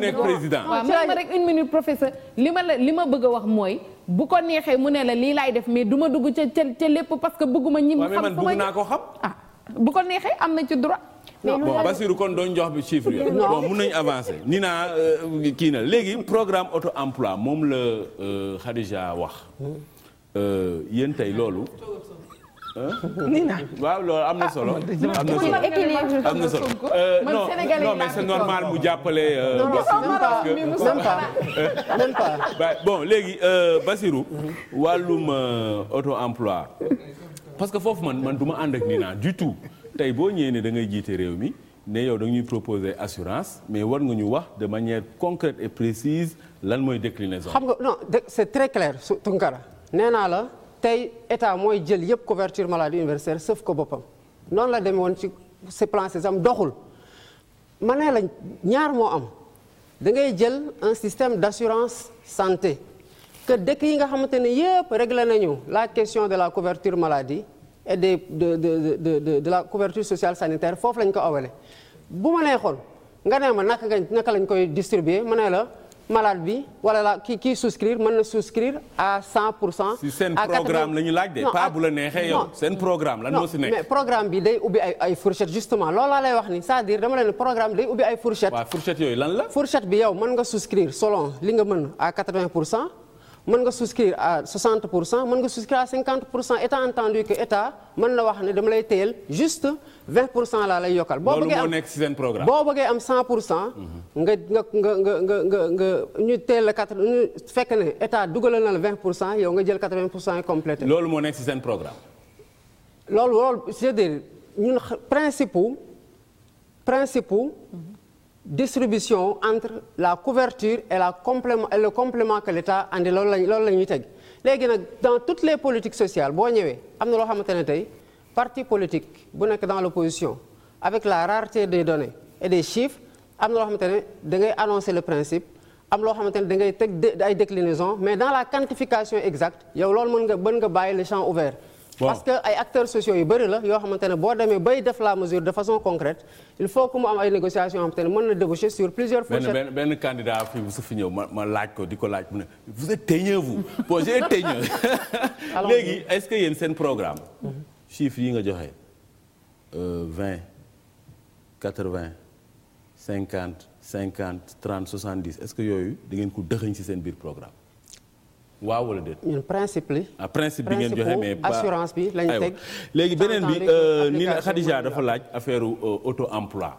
Speaker 3: la rek une minute professeur li ma li ma bëgg a wax mooy bu ko neexee mu ne la lii laay def mais du ma dugg ca ca lépp parce que bëgguma ñim xam ah, bu ko neexee am na ci droit bon
Speaker 1: kon doon jox bi chiffre bon mun nañu avancer ni naa euh, kii na léegi programme auto emploi moom la euh, Khadija wax euh, yéen loolu nii waaw loolu am na solo. Ah, am na
Speaker 4: solo am na solo. non normal
Speaker 1: mu jàppale. [LAUGHS] même pas bon léegi Basirou. wàllum auto emploi parce que foofu man man du ma ànd ak nii naa du tout. tey boo ñëwee ne da ngay jiite réew mi ne yow da ñuy proposer assurance mais war nga ñu wax de manière concrète et précise lan mooy déclinaison. xam
Speaker 2: nga non c'est très clair su Tunkara nee naa la tey état mooy jël yëpp couverture maladie universelle sauf ko boppam noonu la demee woon ci ce plan Sésame doxul ma ne la ñaar moo am da ngay jël un système d'assurance santé que dëkk yi nga xamante ne yëpp réglé ñëw la question de la couverture maladie. et des de de de de de la couverture sociale sanitaire foofu lañ ko awale bu ma neexoon nga ne ma naka nga naka lañ koy distribuer ma ne la malade bi wala la kii souscrire mën na souscrire à 100 pour cent. si seen programme la ñu laaj de. pas bu la neexee yow
Speaker 1: seen programme lan moo si nekk. mais
Speaker 2: programme bi day ubbi ay fourchette justement loolu lay wax ni c'est-à-dire dama leen programme day ubbi ay fourchette. fourchette bi yow mën nga souscrire selon li nga mën à 80 mën nga souscrire à 60 pour cent mën nga souscrire à 50 pour cent étant entendu que état mën la wax ne dama lay téyel juste 20 pour cent laa lay yokkal. boo bëggee am loolu moo nekk
Speaker 1: ci seen programme. boo
Speaker 2: bëggee am 100 pour cent. nga nga nga nga nga nga ñu téyel la quatre ñu fekk ne état dugalal na la 20 pour cent yow nga jël 80 pour cent yi complété.
Speaker 1: loolu moo nekk ci seen programme.
Speaker 2: loolu loolu c'est-à-dire ñun principe principe. distribution entre la couverture et la complément et le complément que l'État andi loolu lañ loolu la ñuy teg léegi nag dans toutes les politiques sociales boo ñëwee am na loo xamante ne tey parti politique bu nekk dans l'opposition avec la rareté des données et des chiffres am na loo xamante ne dangay ngay annoncer le principe am loo xamante ne da ngay teg ay déclinaison mais dans la quantification exacte yow loolu mën nga mën nga bàyyi le champ ouvert parce que ay acteurs sociaux yu bëri la yoo xamante ne boo demee bay def la mesure de façon concrète il faut que mu am ay négociations yoo xamante ne mën na déboucher sur plusieurs fourchettes. benn
Speaker 4: benn
Speaker 1: candidat fi su fi ñëw ma laaj ko di ko laaj mu ne vous êtes teigneux vous bon j'ai
Speaker 2: [LAUGHS]
Speaker 1: léegi est-ce que yéen seen programme. Mm-hmm. chiffres yi nga joxe euh, vingt quatre-vingt cinquante cinquante trente soixante-dix yooyu da ngeen ko dëxëñ ci seen biir programme. waaw wala déet.
Speaker 2: ñun principe li.
Speaker 1: Ah, principe bi ngeen joxe mais assurance
Speaker 2: bi lañ teg. léegi beneen bi euh, ni la
Speaker 1: Khadija dafa laaj affaire euh, auto emploi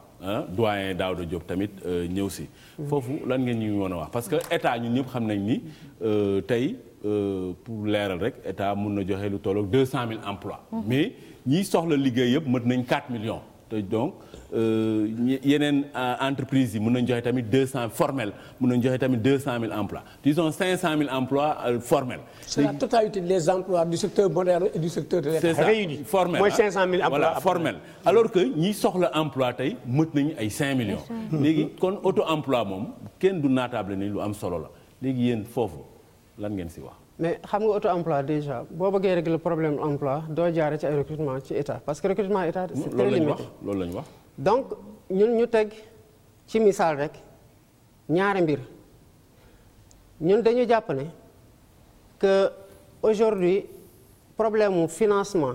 Speaker 1: doyen Daouda Diop tamit euh, ñëw si. Mm-hmm. foofu lan ngeen ñu mën a wax parce que état ñu ñëpp xam nañ ni tey pour leeral rek état mun na joxe lu tolloog deux cent mille emploi mm-hmm. mais ñiy soxla liggéey yëpp mën nañ quatre million te donc. Euh, yeneen euh, entreprise yi mun nañ joxe tamit deux cent formel mun nañ joxe tamit deux cent mille emplois disons cinq cent mille emplois euh, formels. c'est la
Speaker 7: totalité des emplois du secteur moderne et du secteur de l'État réunis formel mooy cinq cent mille formel
Speaker 1: alors que ñi soxla emploi tey mët nañ ay cinq millions. léegi kon auto emploi moom kenn du naataable ni lu am solo la léegi yéen foofu lan ngeen si wax.
Speaker 2: mais xam nga auto emploi déjà boo bëggee régler problème emploi doo jaare ci ay recrutement ci état parce que recrutement état c'est loolu la ñu wax donc ñun ñu teg ci misaal rek ñaari mbir ñun dañu jàpp ne que aujourd'hui problème mu financement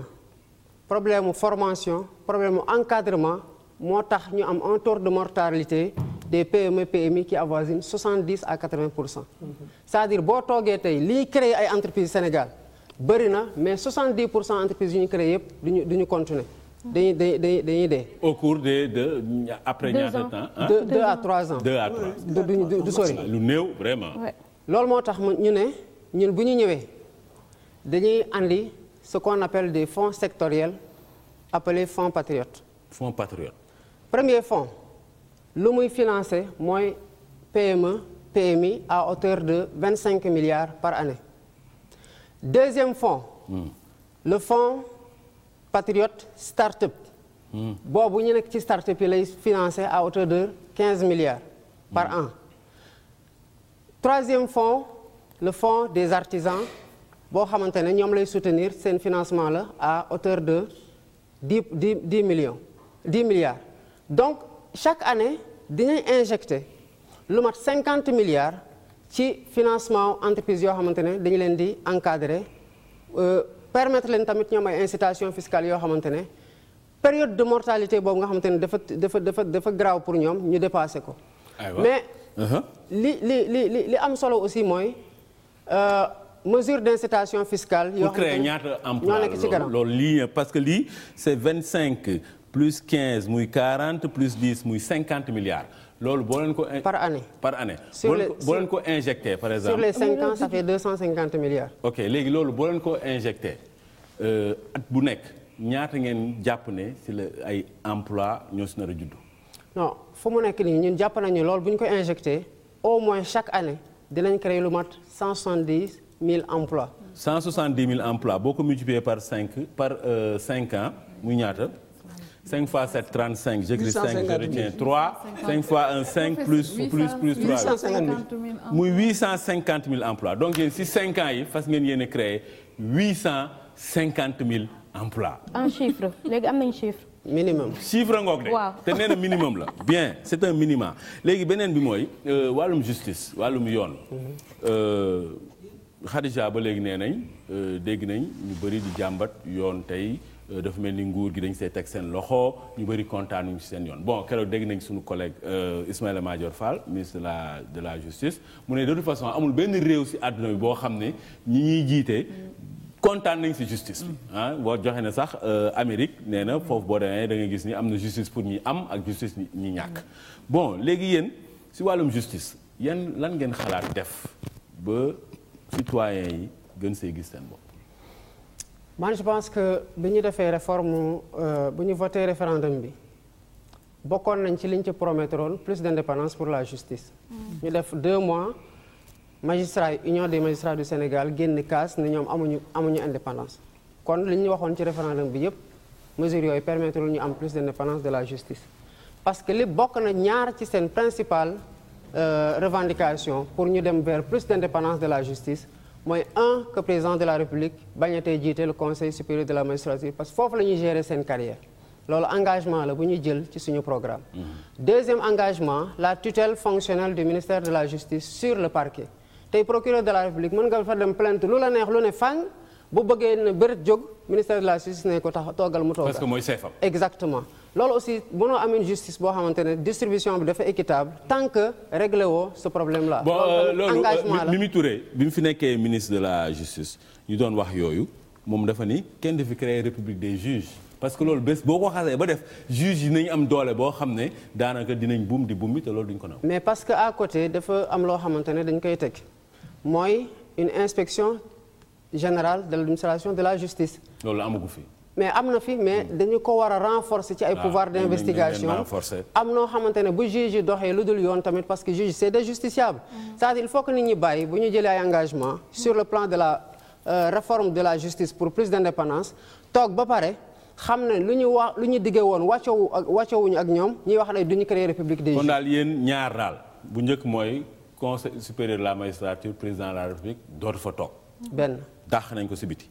Speaker 2: problème mu formation problème mu encadrement moo tax ñu am un taux de mortalité des PME PMI qui avoisine 70 à 80 pour cent cest à boo toogee tey lii créé ay entreprises Sénégal bëri na mais 70 pour cent entreprises yu ñu créé yëpp duñu du ñu continuer dañuy dañuy dañuy dee.
Speaker 1: au cours de après de temps. à trois ans. deux à
Speaker 2: du du sori.
Speaker 1: lu néew vraiment.
Speaker 2: loolu moo tax ñu ne ñun bu ñu ñëwee dañuy andi ce qu'on appelle des fonds sectoriels appelés fonds patriotes. fonds patriotes. premier fonds lu muy financé mooy PME PMI à hauteur de vingt cinq milliards par année deuxième fonds. Hmm. le fonds patriote start boobu ñu nekk ci start-up yi lay financé à hauteur de quinze milliards par an. troisième fonds le fonds des artisans boo xamante ne ñoom lay soutenir seen financement la à hauteur de dix dix di millions dix milliards. donc chaque année dinañ injecté lu mat cinquante milliards ci financement entreprise yoo xamante ne dañu leen di encadrer. Euh, permettre leen tamit ñoom ay incitation fiscale yoo xamante ne période de mortalité boobu nga xamante ne dafa dafa dafa dafa grave pour ñoom ñu dépassé ko
Speaker 4: mais uh-huh.
Speaker 2: li li li li am solo aussi mooy euh, mesure d' incitation fiscale yoo xam ñaata emploi ñoo nekk ci kanam
Speaker 1: lii parce que lii c' est vingt plus quinze muy quarante plus muy cinquante milliards loolu boo leen ko. par année par année. sur boo leen ko injecté par exemple. sur les cinq
Speaker 2: ans ça fait deux cent cinquante milliards.
Speaker 1: ok léegi loolu boo leen ko injecté euh, at bu nekk ñaata ngeen jàpp ne si la ay emploi ñoo si nar a judd.
Speaker 2: fu mu nekk nii ñun jàpp nañu loolu bu ñu ko injecté au moins chaque année dinañ créer lu mat cinq soixante dix mille emplois.
Speaker 1: cent soixante dix mille emplois boo ko multiplier par cinq par euh, cinq ans muy ñaata. cinq fois 7, 35. J'écris 5, je retiens 3. 5 fois 1, 5, plus, plus, plus 3. 850 000 muy 850 000 emplois. Donc yéen si 5 ans yi fas ngeen yéen a créé 850 000 emplois.
Speaker 6: En chiffre léegi am nañ chiffre.
Speaker 1: minimum chiffre ngoog de. te nee na minimum la. bien c'est un minimum léegi beneen bi mooy euh, wàllum justice wàllum yoon. Mhm. Euh, Khadija ba léegi nee nañ euh, dégg nañ ñu bëri di jàmbat yoon tey. Euh, dafa mel ni nguur gi dañu see teg seen loxo ñu bëri kontaanuñ ci seen yoon bon keroog dégg nañ suñu collègue euh, Ismaïla Madior Fall ministre de la de la justice mu ne de toute façon amul benn réew si àdduna bi boo xam ne ñi ñuy jiite. kontaan nañ ci justice mm. ah boo joxe ne sax euh, Amérique nee na foofu boo demee da nga gis ni am na justice pour ñi am ak justice ñi ñàkk mm. bon léegi yéen si wàllum justice yan lan ngeen xalaat def ba citoyen yi gën see gis seen bopp
Speaker 2: man je pense que bi ñu defee réforme euh, bu ñu voté référendum bi bokkoon nañ ci li liñ ci promettroon plus d'indépendance pour la justice. Mm. ñu def deux mois magistrats union de magistrats du Sénégal génn kaas ne ñoom amuñu amuñu indépendance kon li ñu waxoon ci référendum bi yépp mesures yooyu permettre ñu am plus d'indépendance de la justice. parce que li bokk na ñaar ci seen principale euh, revendication pour ñu dem vers plus d'indépendance de la justice. mooy un que président de la république bañ tey jiite le conseil supérieur de la magistrature parce que foofu la ñuy gérer seen carrière loolu engagement la bu ñu jël ci suñu programme. Mm-hmm. deuxième engagement la tutelle fonctionnelle du ministère de la justice sur le parquet tey procureur de la république mën nga fa dem plainte lu la neex lu ne fang. bu bëggee ne bërit jóg ministère de la justice ne ko tax toogal mu toogal. parce que mooy seefam. exactement loolu aussi mënoo am une justice boo xamante ne distribution bi dafa équitable tant que réglé woo ce problème là. Euh, loolu engagement euh, la Mimi
Speaker 1: Touré bi mu fi nekkee ministre de la justice ñu doon wax yooyu moom dafa ni kenn du fi créer république des juges. parce que loolu bés boo ko xasee ba def juge yi nañ am doole boo xam ne daanaka dinañ buum di buum te loolu duñ ko naw
Speaker 2: mais parce que à côté dafa am loo xamante ne dañ koy teg mooy une inspection. général de l'administration de la justice. loolu amagu fi. mais am na fi mais hmm. dañu ko war a renforcer ci ay ah, pouvoir d'investigation am noo xamante ne bu juge yi doxee lu dul yoon tamit parce que juge c'est des justiciables hmm. c'est-à-dire il faut que nit ñi bàyyi bu ñu jëlee ay engagement sur le plan de la euh, réforme de la justice pour plus d'indépendance toog ba pare xam ne lu ñu wax lu ñu diggee woon wàccewu ak wàccoowuñu ak ñoom ñuy wax ne du ñu créer république des juges kon daal
Speaker 1: yéen ñaar daal bu njëkk mooy conseil supérieur de la magistrature président la république dootu fa toog benn dàq nañ ko si biti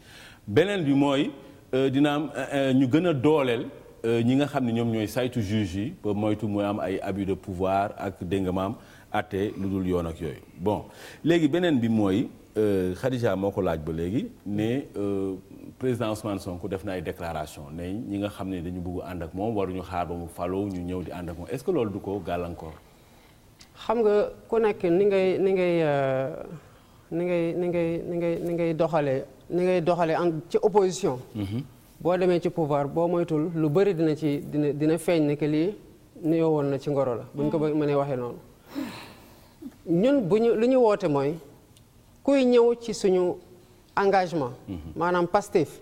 Speaker 1: beneen bi mooy euh, dina am euh, euh, ñu gën a dooleel ñi nga xam ne ñoom ñooy saytu juge yi ba moytu mooy am ay abus de pouvoir ak dégg nga maam atte lu dul yoon ak yooyu bon léegi beneen bi mooy Khadija moo ko laaj ba léegi ne président Ousmane Sonko def na ay déclaration ne ñi nga xam ne dañu bëgg ànd ak moom waruñu xaar ba mu faloo ñu ñëw di ànd ak moom est-ce que loolu du ko gàllankoor.
Speaker 2: xam nga ku nekk ni ngay ni ngay. ni ngay ni ngay ni ngay ni ngay doxalee ni ngay doxalee en ci opposition. Mhm. boo demee ci pouvoir boo moytul lu bëri dina ci dina dina feeñ ne que lii nuyoo woon na ci ngoro la buñ ko mënee waxee noonu. ñun bu ñu lu ñu woote mooy kuy ñëw ci suñu engagement. Mhm. maanaam Pastef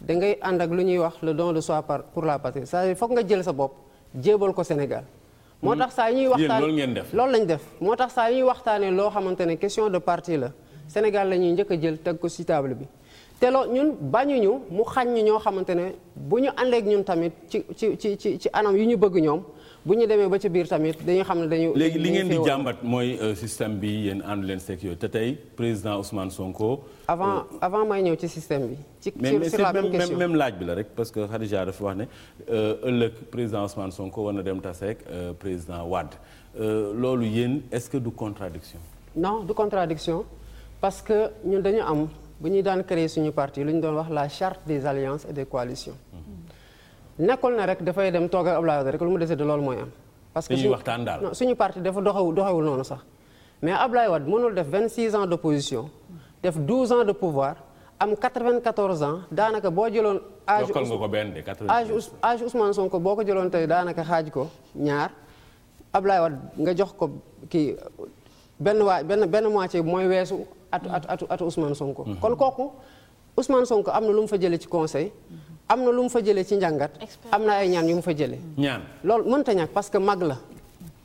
Speaker 2: da ngay ànd ak lu ñuy wax le don de soi par pour la patrie c'est-à-dire foog nga jël sa bopp jéebal ko Sénégal. moo tax saa ñuy waxtaan loolu ngeen def loolu lañ def moo tax saa ñuy waxtaanee loo xamante ne question de parti la Sénégal lañuy njëkk a jël teg ko ci table bi te loolu ñun bañuñu mu xañ ñi ñoo xamante ne bu ñu àndeek ñun tamit ci ci ci ci anam yu ñu bëgg ñoom bu ñu demee ba ca biir tamit dañu xam ne dañu. léegi li ngeen di jàmbat
Speaker 1: mooy euh, système bi yéen ànd leen seeg yooyu te tey président Ousmane Sonko. avant euh,
Speaker 2: avant may ñëw ci système bi. ci sur la même question même
Speaker 1: laaj bi la rek parce que Khadija dafa wax ne euh, ëllëg président Ousmane Sonko war na dem taseeg président Wade loolu yéen est-ce que du contradiction
Speaker 2: non du contradiction parce que ñun dañu am bu ñuy daan créer suñu parti lu ñu doon wax la charte des alliances et des coalitions. Mhm. nekkul na rek dafay dem toog ak Abdoulaye Wade rek lu mu dese de loolu mooy am. parce que suñu waxtaan daal suñu parti dafa doxewul doxewul noonu sax mais Abdoulaye Wade mënul def 26 ans d' opposition def 12 ans de pouvoir am 94 ans daanaka boo jëloon. âge yokkal nga ko
Speaker 1: benn de 94
Speaker 2: âge Ousmane Sonko boo ko jëloon tey daanaka xaaj ko ñaar Abdoulaye Wade nga jox ko kii benn waa benn benn moitié mooy weesu atu atu atu Ousmane Sonko. Mm-hmm. kon kooku Ousmane Sonko am na lu mu fa jëlee ci conseil. am na lu mu fa jëlee ci njàngat. am na ay ñaan yu mu fa jëlee. ñaan loolu mënta ñàkk parce que mag la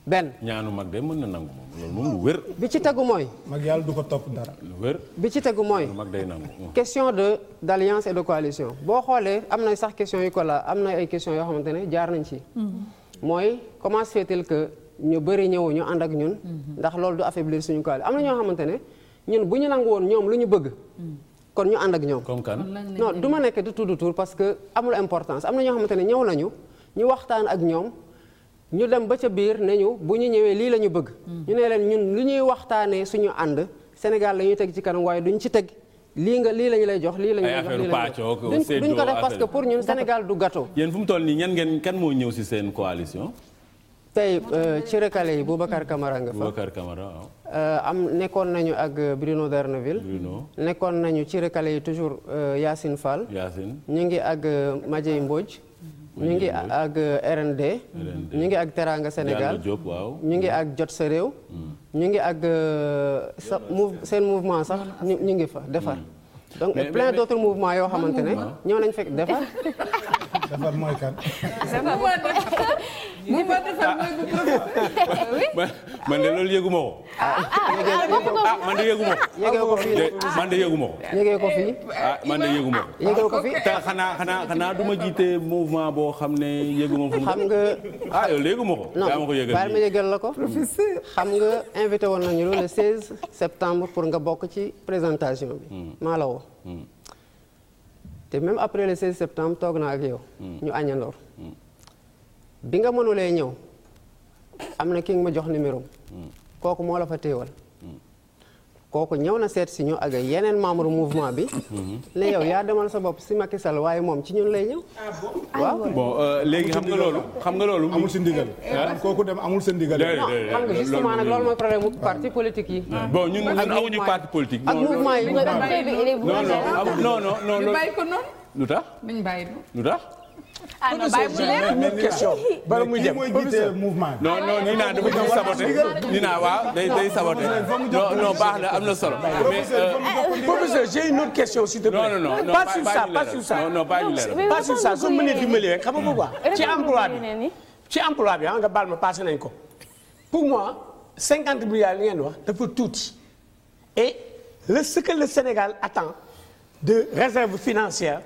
Speaker 2: benn. ñaanu mag de mën na nangu moom moom lu wér. bi ci tegu mooy. mag yàlla du ko topp dara. lu wér bi ci tegu mooy. mag day nangu. question de d' alliance et de coalition boo xoolee am na sax question yu ko la am na ay question yoo xamante ne jaar nañ ci. Mm-hmm. mooy comment se fait que ñu bëri ñëwuñu ñu ànd ak ñun. Mm-hmm. ndax loolu du affaiblir suñu coalition am na ñoo xamante ne ñun bu ñu nangu woon ñoom lu ñu bëgg. Mm-hmm. kon ñu ànd ak ñoom. comme kan non du ma nekk di tudd tur parce que amul importance am na ñoo xamante ne ñëw nañu ñu waxtaan ak ñoom ñu dem ba ca biir ne ñu bu ñu ñëwee lii la ñu bëgg. Hmm. ñu ne leen ñun lu ñuy waxtaanee suñu ànd Sénégal la ñuy teg ci kanam waaye duñ ci teg. lii nga lii lañu lay jox lii la ñu lay jox lii la duñ ko def parce que pour ñun Sénégal du gâteau.
Speaker 1: yéen fu mu toll nii ñan ngeen kan moo ñëw si seen coalition.
Speaker 2: tey euh, ci recalé yi Boubacar Camara nga fa.
Speaker 1: Boubacar Camara waaw.
Speaker 2: Euh, am nekkoon nañu ak Bruno D'Erneville. Bruno nekkoon nañu ci recalé yi toujours euh, Yacine Fall. Yacine ñu ngi ak euh, Madiaye Mbodj. ñu ngi ak RND. ñu ngi ak Teranga Sénégal
Speaker 4: ñu
Speaker 2: ngi ak Jot sa réew. Hmm. ñu ngi ak sa seen mouvement sax ñu ngi fa defar. Hmm. donc plein d'autres mouvements yoo xamante ne ah. ñëw nañ fekk defar. [LAUGHS] defar mooy kan. bu ma defal mooy bu professeur.
Speaker 1: yëgu ma ko. ah ah, ah,
Speaker 2: ah, ah man de ma ko. yëgee ko fii man de yëgu ma ko. yëgee ko fii.
Speaker 1: ah man de yëgu ma ko. yëgee ko fii te xanaa xanaa xanaa du ma jiite mouvement boo xam ne yëgu ma xam nga ah loolu yëgu ma ko. daa ma ko yëgal baal ma
Speaker 2: yëgal la ko. professeur xam nga invité woon nañu la le septembre pour nga bokk ci présentation bi. Hmm. maa la woo. Hmm. te même après le 16 septembre toog naa ak yow. Hmm. ñu àññandoor. bi nga mënulee ñëw am na ki ma jox numéro hmm. kooku moo la fa téewal hmm. kooku ñëw na seet si ñu ak yeneen membre mouvement bi hmm. ne yow yaa demal sa bopp si Macky Sall waaye moom ci ñun lay ñëw
Speaker 4: ah waaw
Speaker 1: bon euh, léegi xam nga loolu
Speaker 9: xam nga loolu amul sa ndigal eh? ah, kooku amul sa ndigal ah, loolu mooy
Speaker 2: problème bu parti politique yi bon ñun ñun amuñu parti politique ak mouvement yi non non
Speaker 3: non non
Speaker 1: lu tax lu tax
Speaker 3: ah non bàyyi mu question
Speaker 9: bala muy dem mouvement ah, non non ni naa dafa day day saboté baax na am na solo. mais euh, professeur
Speaker 7: j'ai une autre question s'il te plaît.
Speaker 1: pas sur pas sur ça. non non bàyyi mu
Speaker 7: leer pas sur [LAUGHS] emploi bi ci emploi bi ah nga baal ma passé nañ ko. pour moi cinquante milliards li ngeen wax dafa tuuti et le ce le Sénégal attend de réserve financière.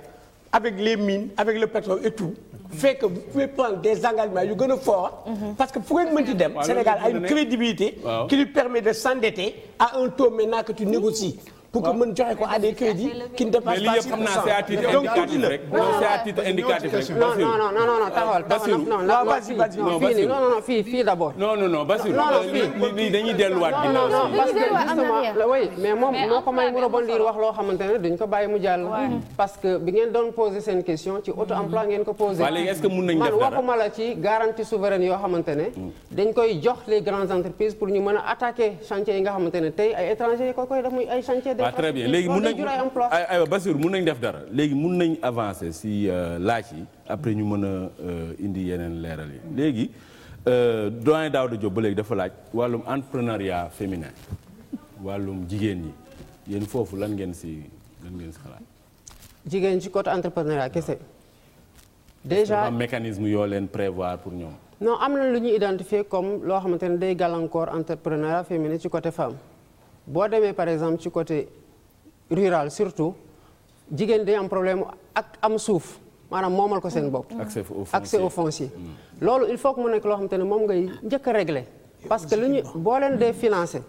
Speaker 7: avec les mines avec le pétrole et tout fait que vous prendre des engagements yu gën a fort mhm. parce que fu ngeen mënti dem Sénégal a une crédibilité qui lui permet de s'endetter à un taux maintenant que tu négocies pour que mën joxe ko à des crédits qui ne dépassent pas 6
Speaker 4: pour cent donc tuuti la waaw c'est à titre indicatif rek. non non non non non taxawal taxawal
Speaker 2: non non non fii fii d'abord.
Speaker 1: non non non Bassirou. non non fii lii dañuy delluwaat ginnaaw. non non
Speaker 2: parce que justement oui mais moom moo ko may mu rebondir wax loo xamante ne dañu ko bàyyi mu jàll. parce que bi ngeen doon poser seen question ci auto mm-hmm. emploi ngeen ko poser. waaw léegi est-ce que mën nañu def dara man waxuma la ci garantie souveraine yoo xamante ne. Mm. dañ koy jox les grandes entreprises pour ñu mën a attaquer chantier yi nga xamante ne tey ay étrangers yi ko koy def muy ay chantier waa très bien léegi mun nañ
Speaker 1: aywa Bassirou mun nañ def dara léegi mun nañ avancer si euh, laaj yi après ñu mën a euh, indi yeneen leeral yi léegi euh, doyen Daouda Diop ba léegi dafa laaj wàllum entrepreneuriat féminin wàllum jigéen ñi yéen foofu lan ngeen si lan ngeen si xalaat.
Speaker 2: jigéen ci côté entrepreneuriat kese.
Speaker 1: déjà mécanisme yoo leen prévoir pour ñoom.
Speaker 2: non am na lu ñu identifier comme loo xamante ne day gàllankoor entrepreneuriat féminin ci côté femme. boo demee par exemple ci côté rural surtout jigéen day am problème ak am suuf maanaam moomal ko seen bopp. accès au foncier mm. loolu il faut mu nekk loo xamante ne moom ngay njëkk a régler parce que lu ñu boo leen dee financé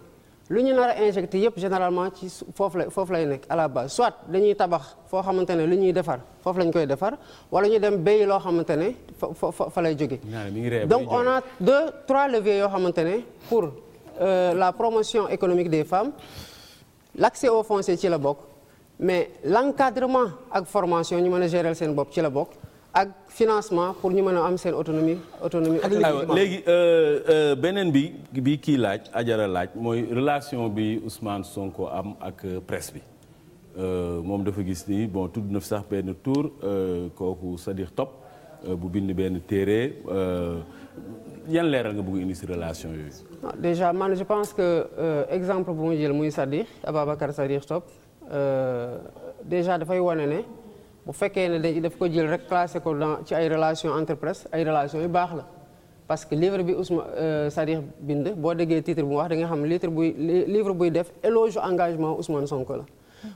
Speaker 2: lu ñu nar a injecté yëpp généralement ci foofu la foofu lay nekk à la base soit dañuy tabax foo xamante ne lu ñuy defar foofu lañ koy defar wala ñu dem béyi loo xamante ne fa fa lay jóge donc on a deux trois leviers yoo xamante ne pour. euh, la promotion économique des femmes l'accès au foncé ci la bokk mais l'encadrement ak formation ñu mën a gérer seen bopp ci la bokk ak financement pour ñu mën a am seen autonomie autonomie. ak léegi
Speaker 1: euh, euh, beneen bi bi kii laaj ajara laaj mooy relation bi Ousmane Sonko am ak euh, presse bi moom dafa gis nii bon tudd na fi sax benn tour kooku Sadiq Top bu bind benn téere yan leeral nga bëgg indi si relation yooyu.
Speaker 2: Ah, déjà man je pense que euh, exemple bu mu jël muy Sadikh Ababacar Sadikh Top euh, déjà dafay wane ne bu fekkee ne dañ daf ko jël rek classé ko dans ci ay relations entre ay relations yu baax la. parce que livre bi Ousmane euh, Sadikh bind boo déggee titre bu mu wax da nga xam litre buy livre buy def éloge engagement Ousmane Sonko la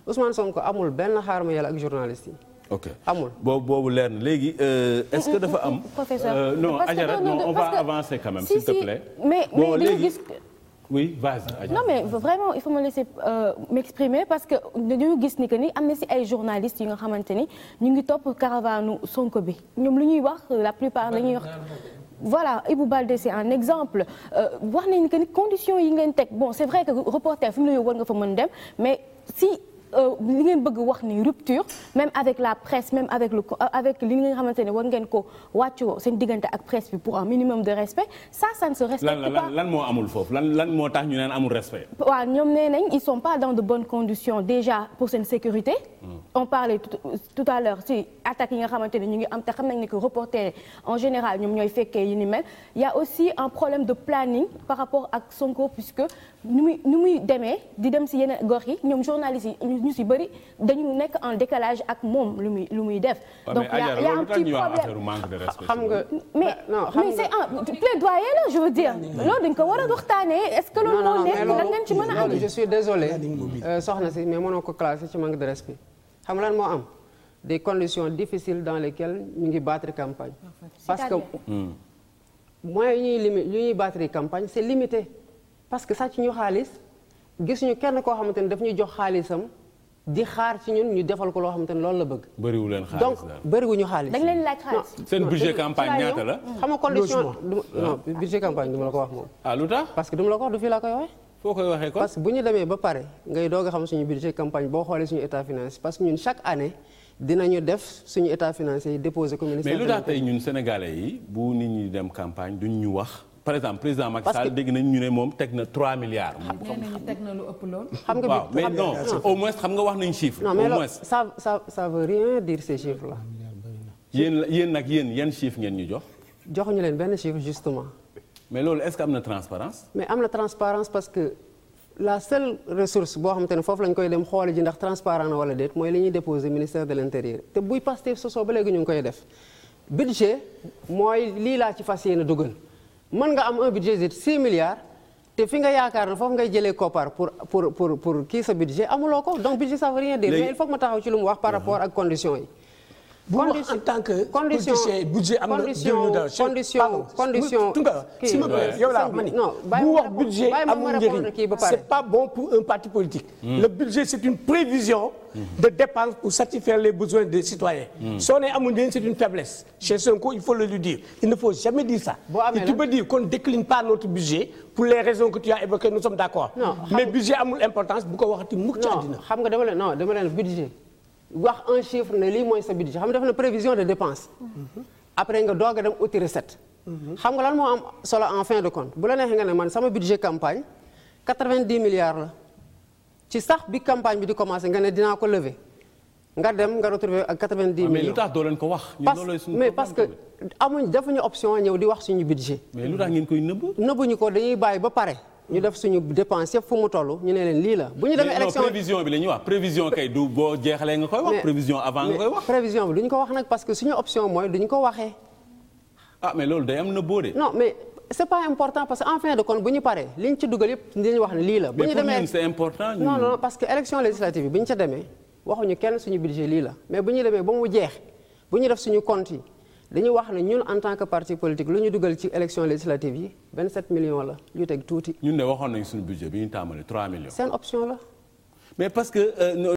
Speaker 2: Ousmane sonk amul benn xaar ma yàlla ak journaliste yi. ok amul
Speaker 1: boobu boobu leer na léegi euh, est-ce dafa am. Euh, professeur euh, non Adjara non on va avancer quand même s'il te mais gis oui vas-y non
Speaker 6: mais vraiment il faut me laisser m'exprimer parce que dañoo gis ni que ni am na si ay journalistes yi nga xamante ni ñu ngi topp caravane son bi ñoom lu ñuy wax la plupart la ñuy wax. voilà Ibou Baldé c'est un exemple wax ni que ni yi nga teg bon c'est vrai que reporter fi mu la yóbbu fa mën dem mais si. Euh, li ngeen bëgg wax ni rupture même avec la presse même avec le euh, avec li nga xamante ne war ngeen ko wàccoo seen diggante ak presse bi pour un minimum de respect ça ça ne se respecte pas
Speaker 1: lan moo amul foofu lan lan moo tax ñu naan amul respect.
Speaker 6: waaw ñoom nee nañ ils sont pas dans de bonnes conditions déjà pour seen sécurité. Hmm. on parlait tout à l'heure si attaques yi nga xamante ne ñu ngi am te xam nañ ne que reporter en général ñoom ñooy fekkee yi ni mel y a aussi un problème de planning par rapport ak Sonko puisque nu muy muy demee di dem si yeneen gox yi ñoom journalistes yi ñu si bëri dañu nekk en décalage ak moom lu muy lu muy def. donc y' a y' a un petit problème xam nga mais mais c' est un la je veux dire. loolu dañ ko war a waxtaanee est ce que loolu moo nekk lan
Speaker 2: ngeen ci mën a andi. je suis désolé euh, soxna si mais mënoo ko classé ci manque de respect xam lan moo am des conditions difficiles dans lesquelles ñu ngi battre campagne. parce que hmm. moyens yi ñuy limi c' parce que sàcc ñu xaalis gisuñu kenn koo xamante ne daf ñuy jox xaalisam di xaar ci ñun ñu defal ko loo xamante ne loolu la bëgg. bëriwu leen xaalis donc bëriwuñu xaalis. dañ leen laaj xaalis. seen budget campagne
Speaker 6: ñaata la. xam nga condition
Speaker 2: non ah. budget campagne du ma la ko wax moom. ah lu tax parce que du ma la ko wax du fii laa koy waxee. foo parce que bu ñu demee ba pare ngay doog a xam suñu budget campagne boo xoolee suñu état financier parce que ñun chaque année. dinañu def suñu état financier yi déposé ko ñun
Speaker 1: sénégalais yi bu nit ñi dem campagne duñ ñu wax par exemple président Macky Sall dégg nañu ñu ne moom teg na 3 milliards. Ah,
Speaker 3: na
Speaker 2: ëpp lool. xam nga
Speaker 1: waaw mais non au moins xam nga wax nañu chiffre. au moins
Speaker 2: ça ça ça veut rien dire
Speaker 1: yéen nag yéen yan chiffre ngeen ñu jox.
Speaker 2: joxuñu leen benn chiffre justement.
Speaker 1: mais loolu est-ce que am na transparence
Speaker 2: mais am na transparence parce que la seule ressource boo xamante ne foofu lañ koy dem xoole ji ndax transparent na wala déet mooy li ñuy déposé ministère de l'intérieur te buy Pastef sosoo ba léegi ñu ngi koy def budget mooy lii laa ci fas yéene dugal. mën nga am un budget de 6 milliards te fi nga yaakaar ne foofu ngay jëlee koppar pour pour pour pour kii sa budget amuloo ko donc budget ça veut rien dire il faut que ma taxaw ci lu mu wax par rapport ak conditions yi condition tant que politicien budget am na wax budget amul njëriñ c'est
Speaker 7: pas bon pour un parti politique hmm. le budget c'est une prévision de dépenses pour satisfaire les besoins des citoyens hmm. soo amul njëriñ c'est une faiblesse chez Sonko il faut le lui dire il ne faut jamais dire ça et tu peux dire qu'on ne décline pas notre budget pour les raisons que tu as évoquées nous sommes d'accord
Speaker 2: mais budget amul importance bu ko waxati mukk ci àddina xam nga dama leen budget wax un chiffre ne lii mooy sa budget xam nga def na prévision de dépense après nga doog a dem uti recette xam nga lan moo am solo en fin de compte bu la neexee nga ne man sama budget campagne quatre-vingt-dix milliards la ci sax bi campagne bi di commencé nga ne dinaa ko lever nga dem nga retrouver ak quatre-vingt-dix ah, millions lu tax doo leen ko wax. mais parce que amuñ defuñu option ñëw di wax suñu budget mais lu tax ngeen koy nëbb nëbbuñu ko dañuy bàyyi ba pare. ñu def suñu dépense yëpp fu mu toll ñu ne leen lii la bu ñu demee élection
Speaker 1: prévision bi la ñuy wax prévision kay du boo jeexalee nga koy wax prévision avant nga koy
Speaker 2: wax prévision bi ko wax nag parce que suñu option mooy duñ ko waxee ah mais loolu day am na boo de mais c'est pas important parce que en fin de compte bu ñu paree li ñu dugal yëpp li wax ne lii la bu ñu demee c'est important parce que élection législative bi bu ñu ca demee waxuñu kenn suñu budget lii la mais bu ñu demee b mu jeex bu ñu def suñu compte dañuy wax ne ñun en tant que parti politique lu ñu dugal ci élection législative yi 27 millions la ñu teg tuuti.
Speaker 1: ñun ne waxoon nañ suñu budget bi ñu tàmbali 3 millions. seen
Speaker 2: option la. mais parce que. Euh,